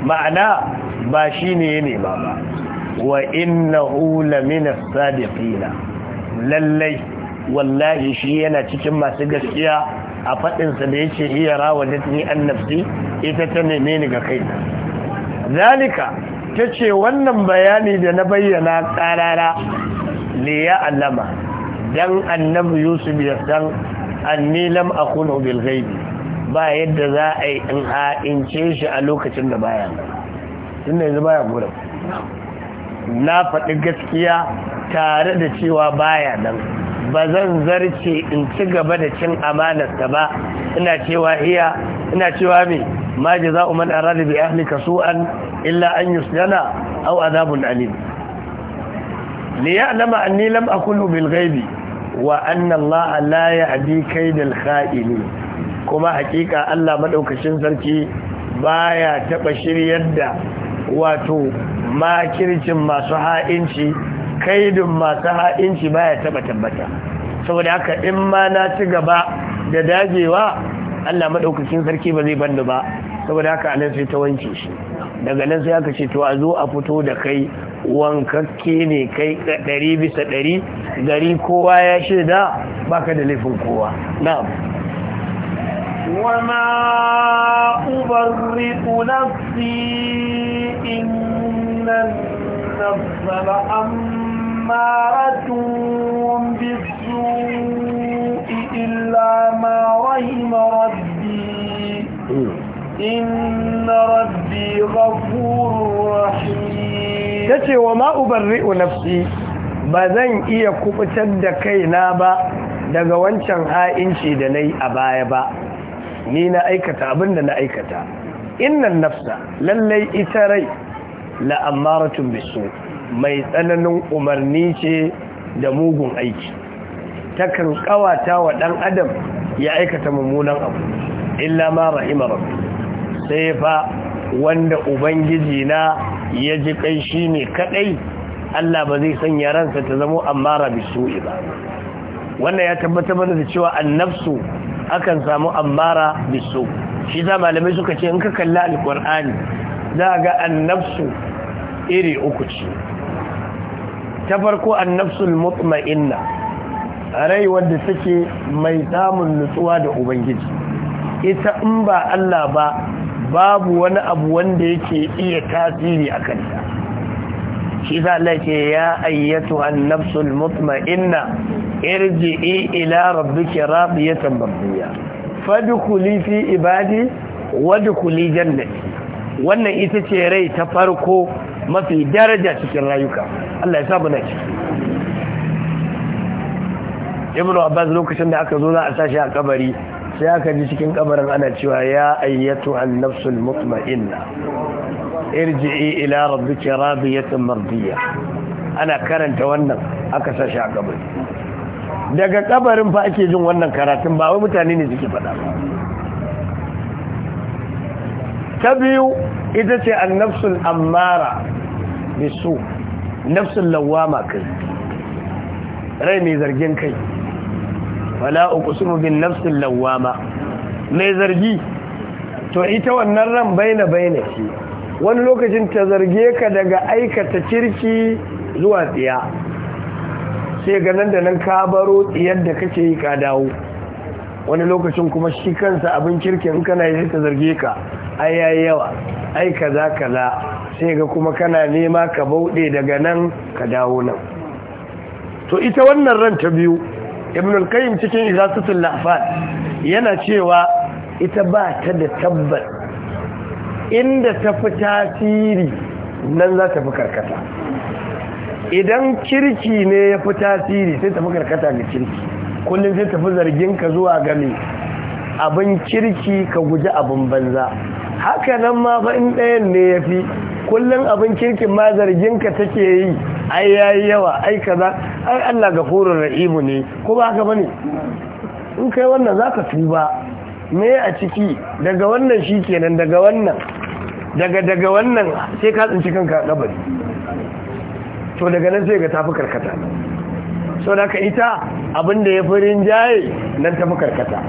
ma'ana ba shi ne ya nema ba wa innahu lamina sadiqina lallai wallahi shi yana cikin masu gaskiya a faɗinsa da yake iya rawa da ni an nafsi ita ta neme ni ga kai zalika ta ce wannan bayani da na bayyana tsarara ne ya allama don annabi yusuf ya san anni lam akunu bil ghaibi ba yadda za a yi in shi a lokacin da baya tun da yanzu baya gura na faɗi gaskiya tare da cewa baya nan ba zan zarce in ci gaba da cin amanarsa ba ina cewa iya ina cewa me ma jaza'u man arada bi ahlika su'an illa an yuslana aw alim li ya'lama anni lam aqulu bil ghaibi wa anna Allah la ya'di kaydal kha'ini kuma hakika Allah madaukakin sarki baya taba shiryar da wato makircin masu ha'inci kaidin masu ha'inci baya taba tabbata saboda haka in ma na ci gaba da dagewa Allah maɗaukakin sarki ba zai banda ba saboda haka anan sai ta wanke shi daga nan sai aka ce to a zo a fito da kai wankakke ne kai ɗari bisa ɗari gari kowa ya shaida baka da laifin kowa na'am وما أبرئ النفس لأمارة بالسوء إلا ما رحم ربي hmm. إن ربي غفور رحيم تتي وما أبرئ نفسي بذن إيا كبتد كينا با daga wancan ha'inci da na yi a baya ba ni na aikata abin da na aikata innan nafsa lallai ita rai amaratun bisu mai tsananin umarni ce da mugun aiki takan kawata wa ɗan adam ya aikata mummunan abu illa ma rahima rabbi sai fa wanda ubangiji na ya ji kai shi ne kadai Allah ba zai sanya ransa ta zamo amara bisu'i ba wannan ya tabbatar mana da cewa annafsu akan samu amara bisu shi za malamai suka ce in ka kalla alqur'ani za ga Annabsu iri uku ce ta farko annafsul mutma'inna rai wadda take mai samun nutsuwa da ubangiji ita in ba Allah ba babu wani abu wanda yake iya tasiri a kanta shi za Allah ya ayyatu annafsul mutma'inna irji'i ila rabbiki radiyatan mardiya fadkhuli fi ibadi wadkhuli jannati wannan ita ce rai ta farko mafi daraja cikin rayuka Allah ya sabu na ciki ibn abbas lokacin da aka zo za a sashi a kabari sai aka ji cikin kabarin ana cewa ya ayyatu an nafsul mutma'inna irji'i ila rabbika radiyatan mardiya ana karanta wannan aka sashi a kabari daga kabarin fa ake jin wannan karatun ba wai mutane ne suke faɗa ba ta biyu ita ce annafsul ammara su nafsun lawama kai rai mai zargin kai wala uqsimu bin nafsul lawama mai zargi to ita wannan ran baina baina ce wani lokacin ta zarge ka daga aikata kirki zuwa tsiya sai ga nan da nan ka baro tsiyar da kake yi ka dawo wani lokacin kuma shi kansa abin kirkin kana yi ta zarge ka ai yayi yawa ai kaza kaza sai ga kuma kana nema ka bauɗe daga nan ka dawo nan to ita wannan ran ta biyu ibn al-qayyim cikin izatul lahfan yana cewa ita ba ta da tabbas inda ta fi tasiri nan za ta fi karkata idan kirki ne ya fi tasiri sai ta fi karkata ga kirki kullum sai ta fi zargin ka zuwa gami abin kirki ka guji abin banza haka nan ma fa in ɗayan ne ya fi kullum abin kirkin ma zarginka take yi ai yi yawa ai kaza ai Allah gafurur ra'imu ne ko ba haka bane in kai wannan zaka tuba me a ciki daga wannan shi kenan daga wannan daga daga wannan sai ka tsinci kanka a kabari to daga nan sai ga tafi karkata so da ka ita abinda ya fi rinjaye nan tafi karkata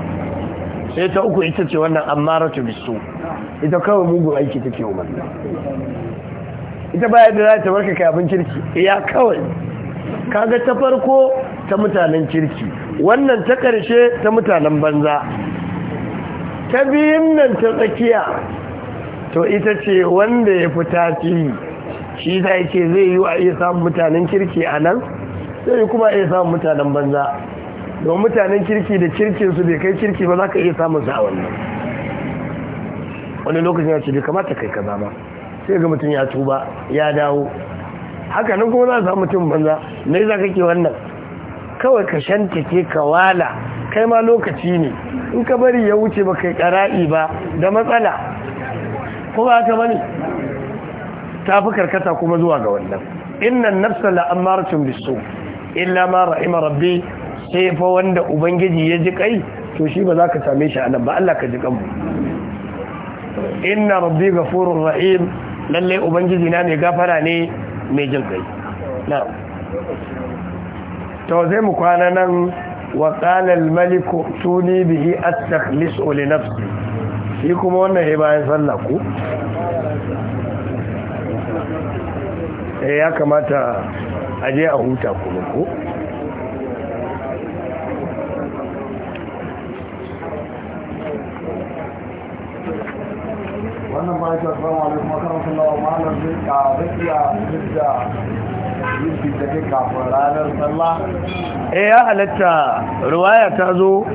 sai ta uku ita ce wannan ammaratu bisu ita kawai mugun aiki take umarni ita baya da za ta barka kai abin kirki ya kawai kaga ta farko ta mutanen kirki wannan ta karshe ta mutanen banza ta biyun nan ta tsakiya to ita ce wanda ya fita tasiri shi ta yake zai yi wa iya samun mutanen kirki a nan zai kuma iya samun mutanen banza don mutanen kirki da kirkin su bai kai kirki ba za ka iya samun sa a wannan wani lokacin ya ce bai kamata kai kaza ba sai ga mutum ya tuba ya dawo haka nan kuma za a samu mutum banza Na yi za ka ke wannan kawai ka shanta ke ka kai ma lokaci ne in ka bari ya wuce ba kai kara'i ba da matsala ko ba haka bani ta fi karkata kuma zuwa ga wannan innan nafsa la amaratun bisu illa ma ra'ima rabbi sai fa wanda ubangiji ya ji kai to shi ba za ka same shi anan ba Allah ka ji mu inna rabbi ghafurur rahim lalle ubangiji na mai gafara ne mai jin kai na to sai mu kwana nan wa qala al malik tuni bihi astakhlisu li nafsi shi kuma wannan he bayan sallah ku eh, ya kamata aje a huta kuma ko kafiya da da kafin ranar sallah eh ya halatta ruwaya ta zo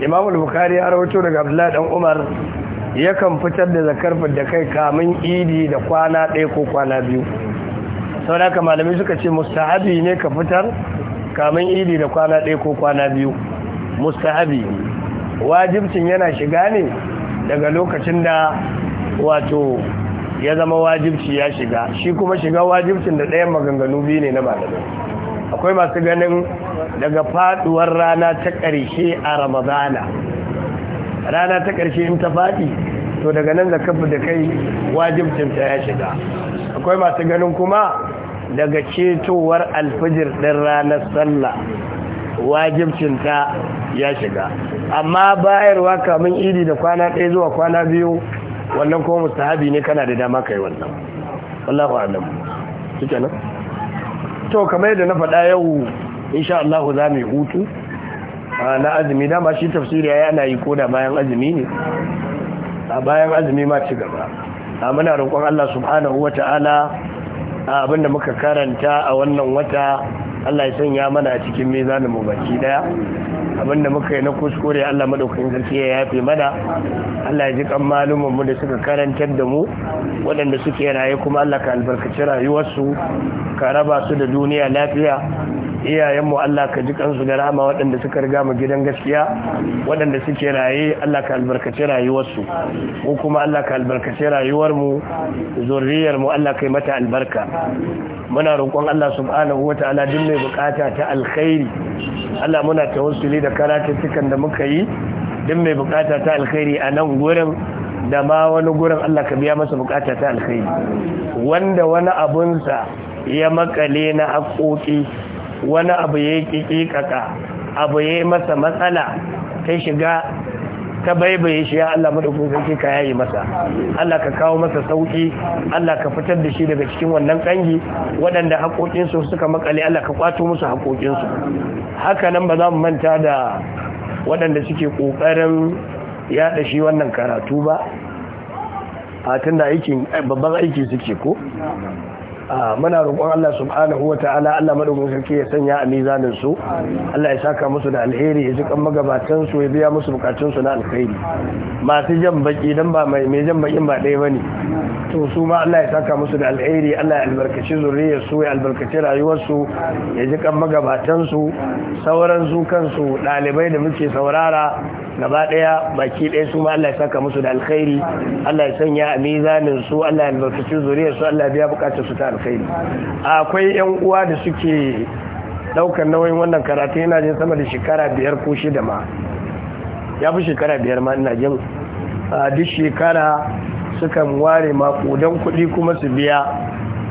imamu bukari ya rawato daga abdullahi dan umar yakan fitar da zakar da kai kamun idi da kwana ɗaya ko kwana biyu sau da malamai suka ce mustahabi ne ka fitar kamun idi da kwana ɗaya ko kwana biyu mustahabi wajibcin yana shiga ne daga lokacin da wato ya zama wajibci ya shiga shi kuma shiga wajibcin da ɗayan maganganu biyu ne na malamai akwai masu ganin daga faduwar rana ta ƙarshe a ramadana rana ta ƙarshe in ta faɗi to daga nan da kafa da kai wajibcin ta ya shiga akwai masu ganin kuma daga cetowar alfijir ɗin ranar sallah wajibcin ta ya shiga amma bayarwa kamun idi da kwana ɗaya zuwa kwana biyu wannan kuma mustahabi ne kana da dama kai wannan wallahu a'lam nan. to kamar yadda na faɗa yau insha Allah za mu hutu na azumi dama shi tafsiri ya yana yi koda bayan azumi ne a bayan azumi ma ci gaba a muna roƙon Allah subhanahu wata'ala abinda muka karanta a wannan wata Allah ya sanya mana a cikin mezanin mu baki daya abinda muka yi na kuskure Allah madaukakin sarki ya yafe mana Allah ya ji kan malumin mu da suka karantar da mu waɗanda suke raye kuma Allah ka albarkaci rayuwarsu ka raba su da duniya lafiya iyayenmu Allah ka ji kansu da rahama waɗanda suka riga mu gidan gaskiya waɗanda suke raye Allah ka albarkace rayuwarsu ko kuma Allah ka albarkace rayuwarmu zuriyarmu Allah kai mata albarka muna roƙon Allah subhanahu wataala duk mai bukata ta alkhairi Allah muna tawassuli da cikin da muka yi duk mai bukata ta alkhairi a nan gurin da ma wani gurin Allah ka biya masa bukata ta alkhairi wanda wani abunsa ya makale na haƙoƙi wani abu ya yi abu ya yi masa matsala ta shiga ta baibaye shi ya Allah madaukakin sarki ka yayi masa Allah ka kawo masa sauki Allah ka fitar da shi daga cikin wannan kangi waɗanda haƙoƙin suka makale Allah ka kwato musu haƙoƙin su haka nan ba za mu manta da waɗanda suke ƙoƙarin yaɗa shi wannan karatu ba a tunda aikin babban aiki suke ko muna roƙon Allah subhanahu wa ta'ala Allah madaukakin sarki ya sanya a mizanin su Allah ya saka musu da alheri ya ji kan magabatan su ya biya musu bukatun su na alheri masu jan baki dan ba mai mai jan bakin ba ɗaya bane to su ma Allah ya saka musu da alheri Allah ya albarkaci zuriyar su ya albarkaci rayuwar su ya ji kan magabatan su sauran su kansu ɗalibai da muke saurara gaba ɗaya baki ɗaya su ma Allah ya saka musu da alkhairi Allah ya sanya a mizanin su Allah ya albarkaci zuriyar su Allah ya biya bukatun su ta alkhairi akwai yan uwa da suke daukar nauyin wannan karatu yana jin sama da shekara biyar ko shida ma ya fi shekara biyar ma ina jin a duk shekara sukan ware makudan kuɗi kuma su biya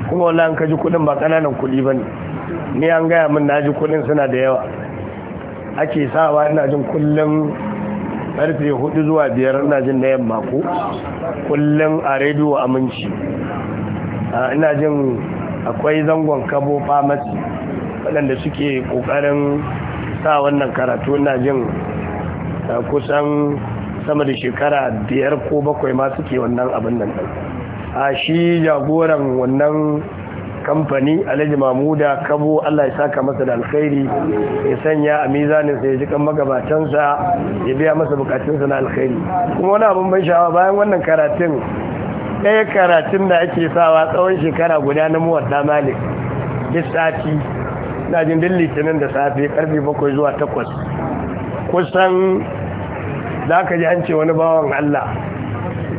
kuma wala an kaji kuɗin ba kananan kuɗi ba ne ni an gaya min na ji kuɗin suna da yawa ake sawa ina jin kullum karfe hudu zuwa biyar ina jin na yamma ko kullum a rediyo aminci ina jin akwai zangon kabo famasi waɗanda suke ƙoƙarin sa wannan karatu ina jin kusan sama da shekara biyar ko bakwai ma suke wannan abin nan ɗan a shi jagoran wannan kamfani alhaji mamuda kabo allah ya sa ka masa da alkhairi ya sanya a mizaninsa ya ji kan magabatansa ya biya masa bukatunsa na alkhairi kuma wani abin ban sha'awa bayan wannan karatun ɗaya karatun da ake sawa tsawon shekara guda na muwadda malik duk sati na jin litinin da safe karfe bakwai zuwa takwas kusan za ka ji an wani bawan allah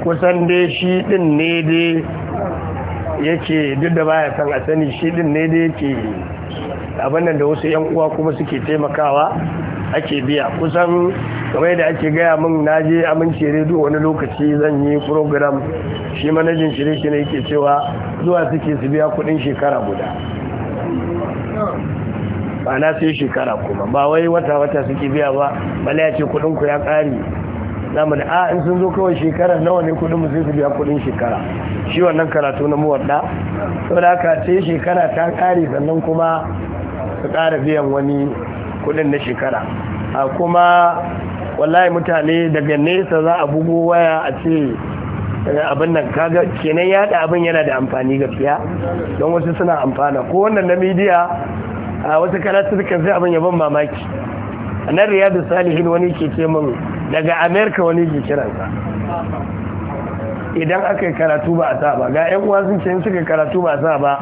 kusan dai shi ɗin ne dai yake duk da baya san a sani shi ɗin ne dai yake abin da wasu 'yan uwa kuma suke taimakawa ake biya kusan kamar da ake gaya min na je aminci rediyo wani lokaci zan yi program shi manajin shi ne yake cewa zuwa suke su biya kudin shekara guda ba na sai shekara kuma ba wai wata-wata suke biya ba bala ya ce kudin ku ya kare na da a ah, in sun zo kawai shekara nawa ne kudin mu sai su biya kudin shekara shi wannan karatu na muwadda saboda haka sai shekara ta kare sannan kuma su kara biyan wani kudin na shekara a kuma wallahi mutane daga nesa za a bugu waya a ce eh, abin nan kaga kenan yada abin yana da amfani ga fiya don wasu suna amfana ko wannan na midiya a wasu karatu sukan sai abin yaban mamaki a nan riyadu salihin wani ke ce min daga amerika wani ke kiransa idan aka yi karatu ba a sa ba ga 'yan uwa sun ce suka karatu ba a sa ba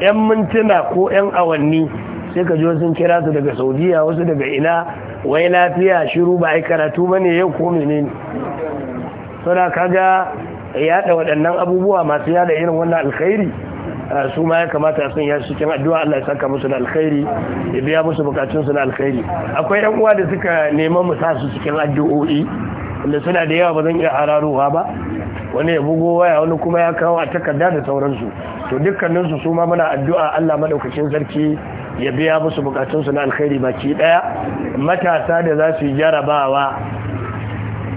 'yan mintuna ko 'yan awanni sai ka ji sun kira su daga saudiya wasu daga ina wai lafiya shiru ba a karatu ba ne yau ko Suna ga kaga yada waɗannan abubuwa masu yada irin wannan alkhairi su ma ya kamata a sun ya su cikin addu'a Allah ya saka musu da alkhairi ya biya musu bukatun su alkhairi akwai yan uwa da suka neman mu sa su cikin addu'o'i wanda suna da yawa ba zan iya hararowa ba wani ya bugo waya wani kuma ya kawo a takarda da sauransu to dukkaninsu su ma muna addu'a Allah maɗaukacin sarki ya biya musu bukatunsu na alkhairi baki daya matasa da za su yi jarabawa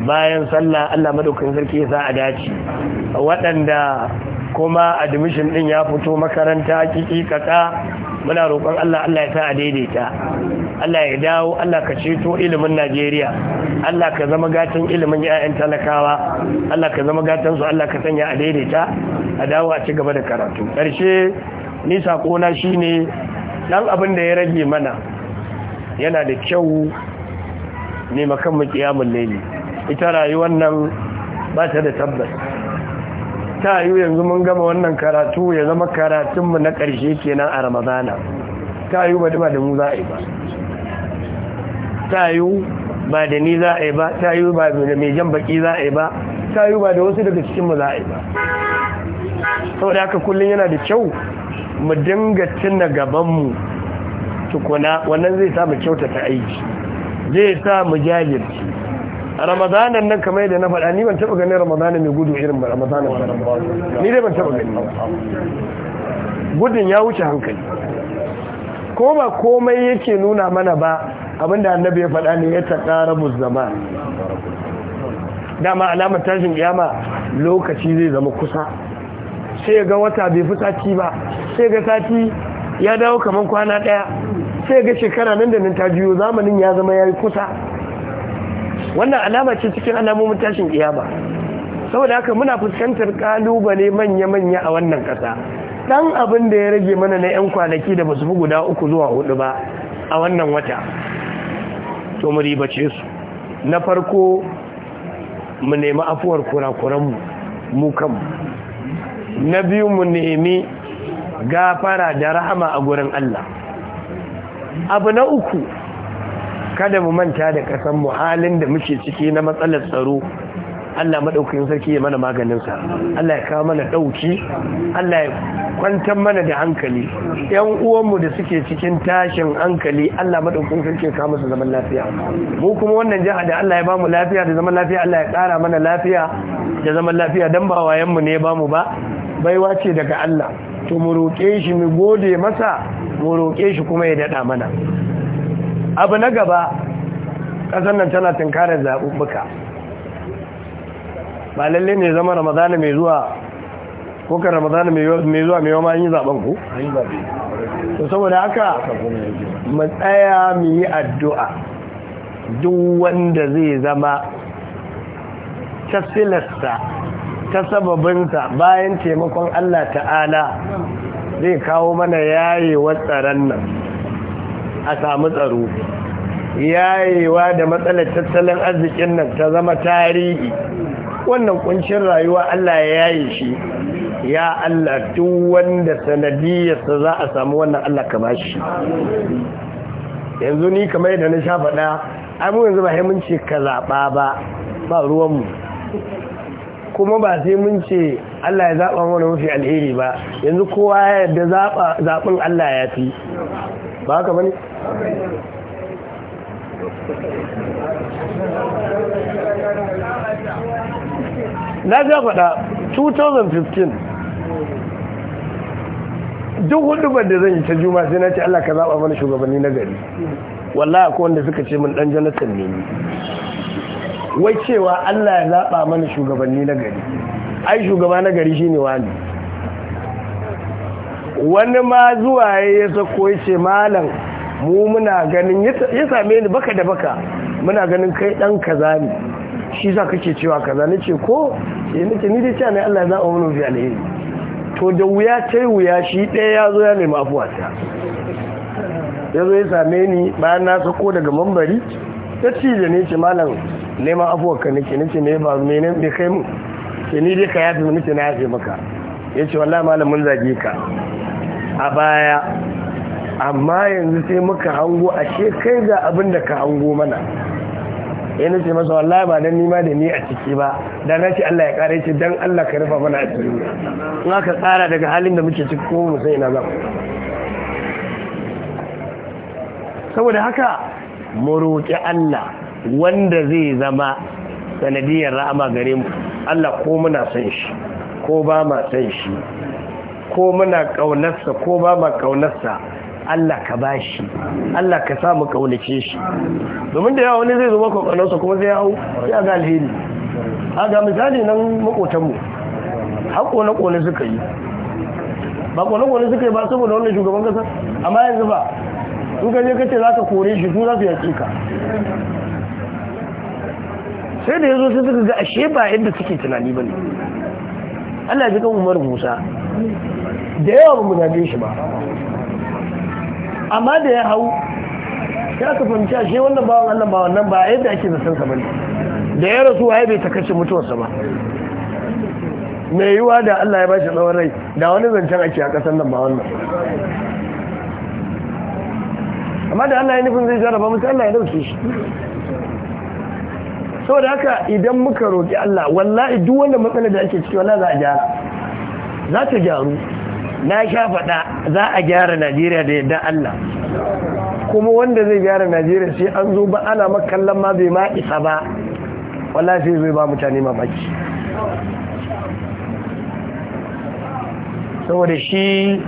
bayan sallah Allah madaukakin sarki ya sa a dace waɗanda kuma admission din ya fito makaranta kiki kaka muna roƙon Allah Allah ya sa a daidaita Allah ya dawo Allah ka ceto ilimin Najeriya Allah ka zama gatan ilimin 'ya'yan talakawa Allah ka zama gatan su Allah ka sanya a daidaita a dawo a ci gaba da karatu ƙarshe ni sakona shine nan abin da ya rage mana yana da kyau ne makan mu kiyamul layli ita rayuwar nan ba ta da tabbas ta yi yanzu mun gama wannan karatu ya zama karatun mu na ƙarshe kenan a ramadana ta yi ba da mu za a yi ba ta yi ba da ni za a yi ba ta yi ba da mai jan baki za a yi ba ta yi ba da wasu daga cikin mu za a yi ba saboda haka kullum yana da kyau mu dinga cinna gabanmu tukuna wannan zai sa mu kyautata aiki zai sa mu jajirci ramadanan nan kamar yadda na faɗa ni ban taɓa ganin ramadana mai gudu irin ba ba ni dai ban taɓa gani gudun ya wuce hankali ko ba komai yake nuna mana ba abinda annabi ya faɗa ne ya rabu zama dama alamar tashin kiyama lokaci zai zama kusa sai ga wata bai fi sati ba sai ga sati ya dawo kamar kwana daya sai ga shekara nan da nan ta juyo zamanin ya zama ya yi kusa wannan alama ce cikin alamomin tashin kiyama saboda haka muna fuskantar kalubale manya-manya a wannan kasa dan abin da ya rage mana na 'yan kwanaki da basu fi guda uku zuwa hudu ba a wannan wata to mu ribace su na farko mu nemi afuwar kurakuranmu mu kanmu na biyu mu nemi gafara da rahama a gurin Allah abu na uku kada mu manta da kasan mu halin da muke ciki na matsalar tsaro Allah maɗaukakin sarki ya mana maganinsa Allah ya kawo mana ɗauki Allah ya kwantar mana da hankali ‘yan uwanmu da suke cikin tashin hankali Allah maɗaukakin sarki ya kawo musu zaman lafiya mu kuma wannan jiha da Allah ya ba mu lafiya da zaman lafiya Allah ya ƙara mana lafiya da zaman lafiya don ba wayanmu ne ba mu ba baiwa ce daga Allah to mu roƙe shi mu gode masa mu roƙe shi kuma ya daɗa mana abu na gaba ƙasar nan tana tunkarar zaɓuɓɓuka ba lalle ne zama ramadana mai zuwa ko kan ramadana mai zuwa mai wama yi zaɓen ku? to saboda haka mu tsaya mu yi addu'a duk wanda zai zama tasilarsa ta sababinta bayan taimakon Allah ta'ala zai kawo mana yayewar tsaron nan a samu tsaro yayewa da matsalar tattalin arzikin nan ta zama tarihi wannan kuncin rayuwa Allah ya yaye shi ya Allah duk wanda sanadiyarsa za a samu wannan Allah ka bashi yanzu ni kamar yadda na sha faɗa ai mu yanzu ba sai ka zaɓa ba ba ruwanmu kuma ba sai mun ce Allah ya zaɓa mana mafi alheri ba yanzu kowa ya yarda zaɓin Allah ya fi ba haka ba ne? na ga faɗa 2015 duk hudubar da zan yi ta juma sai na ce Allah ka zaɓa mana shugabanni na gari wallah ko wanda suka ce min ɗan jonathan ne wai cewa Allah ya zaɓa mana shugabanni na gari ai shugaba na gari shine wani wani ma zuwa ya ko ya ce malam mu muna ganin ya same ni baka da baka muna ganin kai dan kaza ne shi sa ce cewa kaza ne ce ko ya nake ni dai cewa ne Allah ya zaɓa mana fi alheri to da wuya ta yi wuya shi ɗaya ya zo ya nemi afuwa ta ya zo ya same ni bayan na sako daga mambari ta da ne ce malam neman afuwar ka nake nace ne ba mene bai kai mu ke ni dai ka yafi mu nake na yafe maka Ya ce wallahi malam mun zage ka a baya amma yanzu sai muka hango ashe kai ga abin da ka hango mana ya eh, nace masa wallahi ba dan nima da ni a ciki ba da na ce Allah ya kare shi dan Allah ka rufa mana a asiri in aka tsara daga halin da muke ciki kuma mu sai ina zan? saboda haka mu roƙi Allah wanda zai zama sanadiyar ra'ama gare mu Allah ko muna san shi ko ba ma san shi ko muna kaunarsa ko ba ma kaunarsa Allah ka ba shi Allah ka sa mu kaunace shi domin da yawa wani zai zo maka kaunarsa kuma zai hau ya ga alheri a ga misali nan mu har kone-kone suka yi ba kone-kone suka yi ba saboda wannan shugaban kasa amma yanzu ba in ka je ce za ka kore shi su za su yaƙi ka sai da ya zo sai suka ga ashe ba yadda suke tunani ba ne Allah ji kan Umar Musa da yawa ba mu zabe shi ba amma da ya hau ya ka fahimci ashe wannan bawan Allah ba wannan ba yadda ake zaton sa bane da ya rasu waye bai takaice mutuwarsa ba mai yiwa da Allah ya bashi tsawon rai da wani zancen ake a ƙasar nan ba wannan amma da Allah ya nufin zai jarraba mutum Allah ya dauke shi saboda haka idan muka roƙi Allah wallahi duk wanda matsala da ake ciki wallahi za a gyara za ta gyaru na sha faɗa za a gyara Najeriya da yadda Allah kuma wanda zai gyara Najeriya sai an zo ba ana makallan ma bai ma isa ba wallahi sai zai ba mutane mamaki saboda shi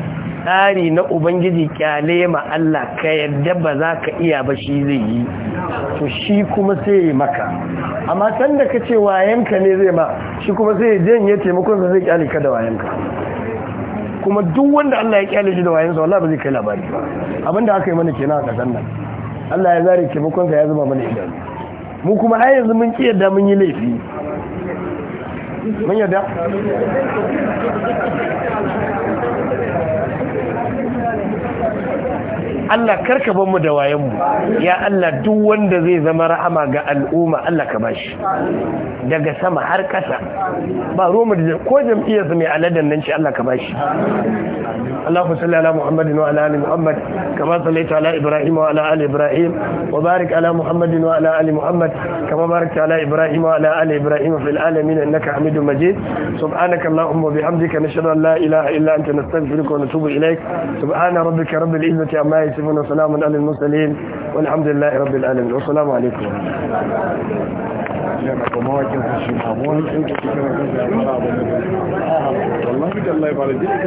tsari na ubangiji kyale ma Allah ka yadda ba za ka iya ba shi zai yi to shi kuma sai yi maka amma sanda ka ce wayanka ne zai ma shi kuma sai ya janye taimakon sa zai kyale ka da wayanka kuma duk wanda Allah ya kyale shi da wayansa wallahi ba zai kai labari ba abinda aka yi mana kenan a kasan nan Allah ya zare taimakon sa ya zama mana idan mu kuma har yanzu mun ki yadda mun yi laifi mun yadda Allah karka ban mu da wayan mu ya Allah duk wanda zai zama rahama ga al'umma Allah ka bashi daga sama har kasa ba roma da ko jam'iyyar mai aladan nan ce Allah ka bashi Allahu salli ala Muhammadin wa ala ali Muhammad kama sallaita ala Ibrahim wa ala ali Ibrahim wa barik ala Muhammadin wa ala ali Muhammad kama barakta ala Ibrahim wa ala ali Ibrahim fil alamin innaka Hamidum Majid subhanaka Allahumma bihamdika nashhadu an la ilaha illa anta nastaghfiruka wa natubu ilaik subhana rabbika rabbil izzati amma يصفون وسلام على المرسلين والحمد لله رب العالمين والسلام عليكم والله الله يبارك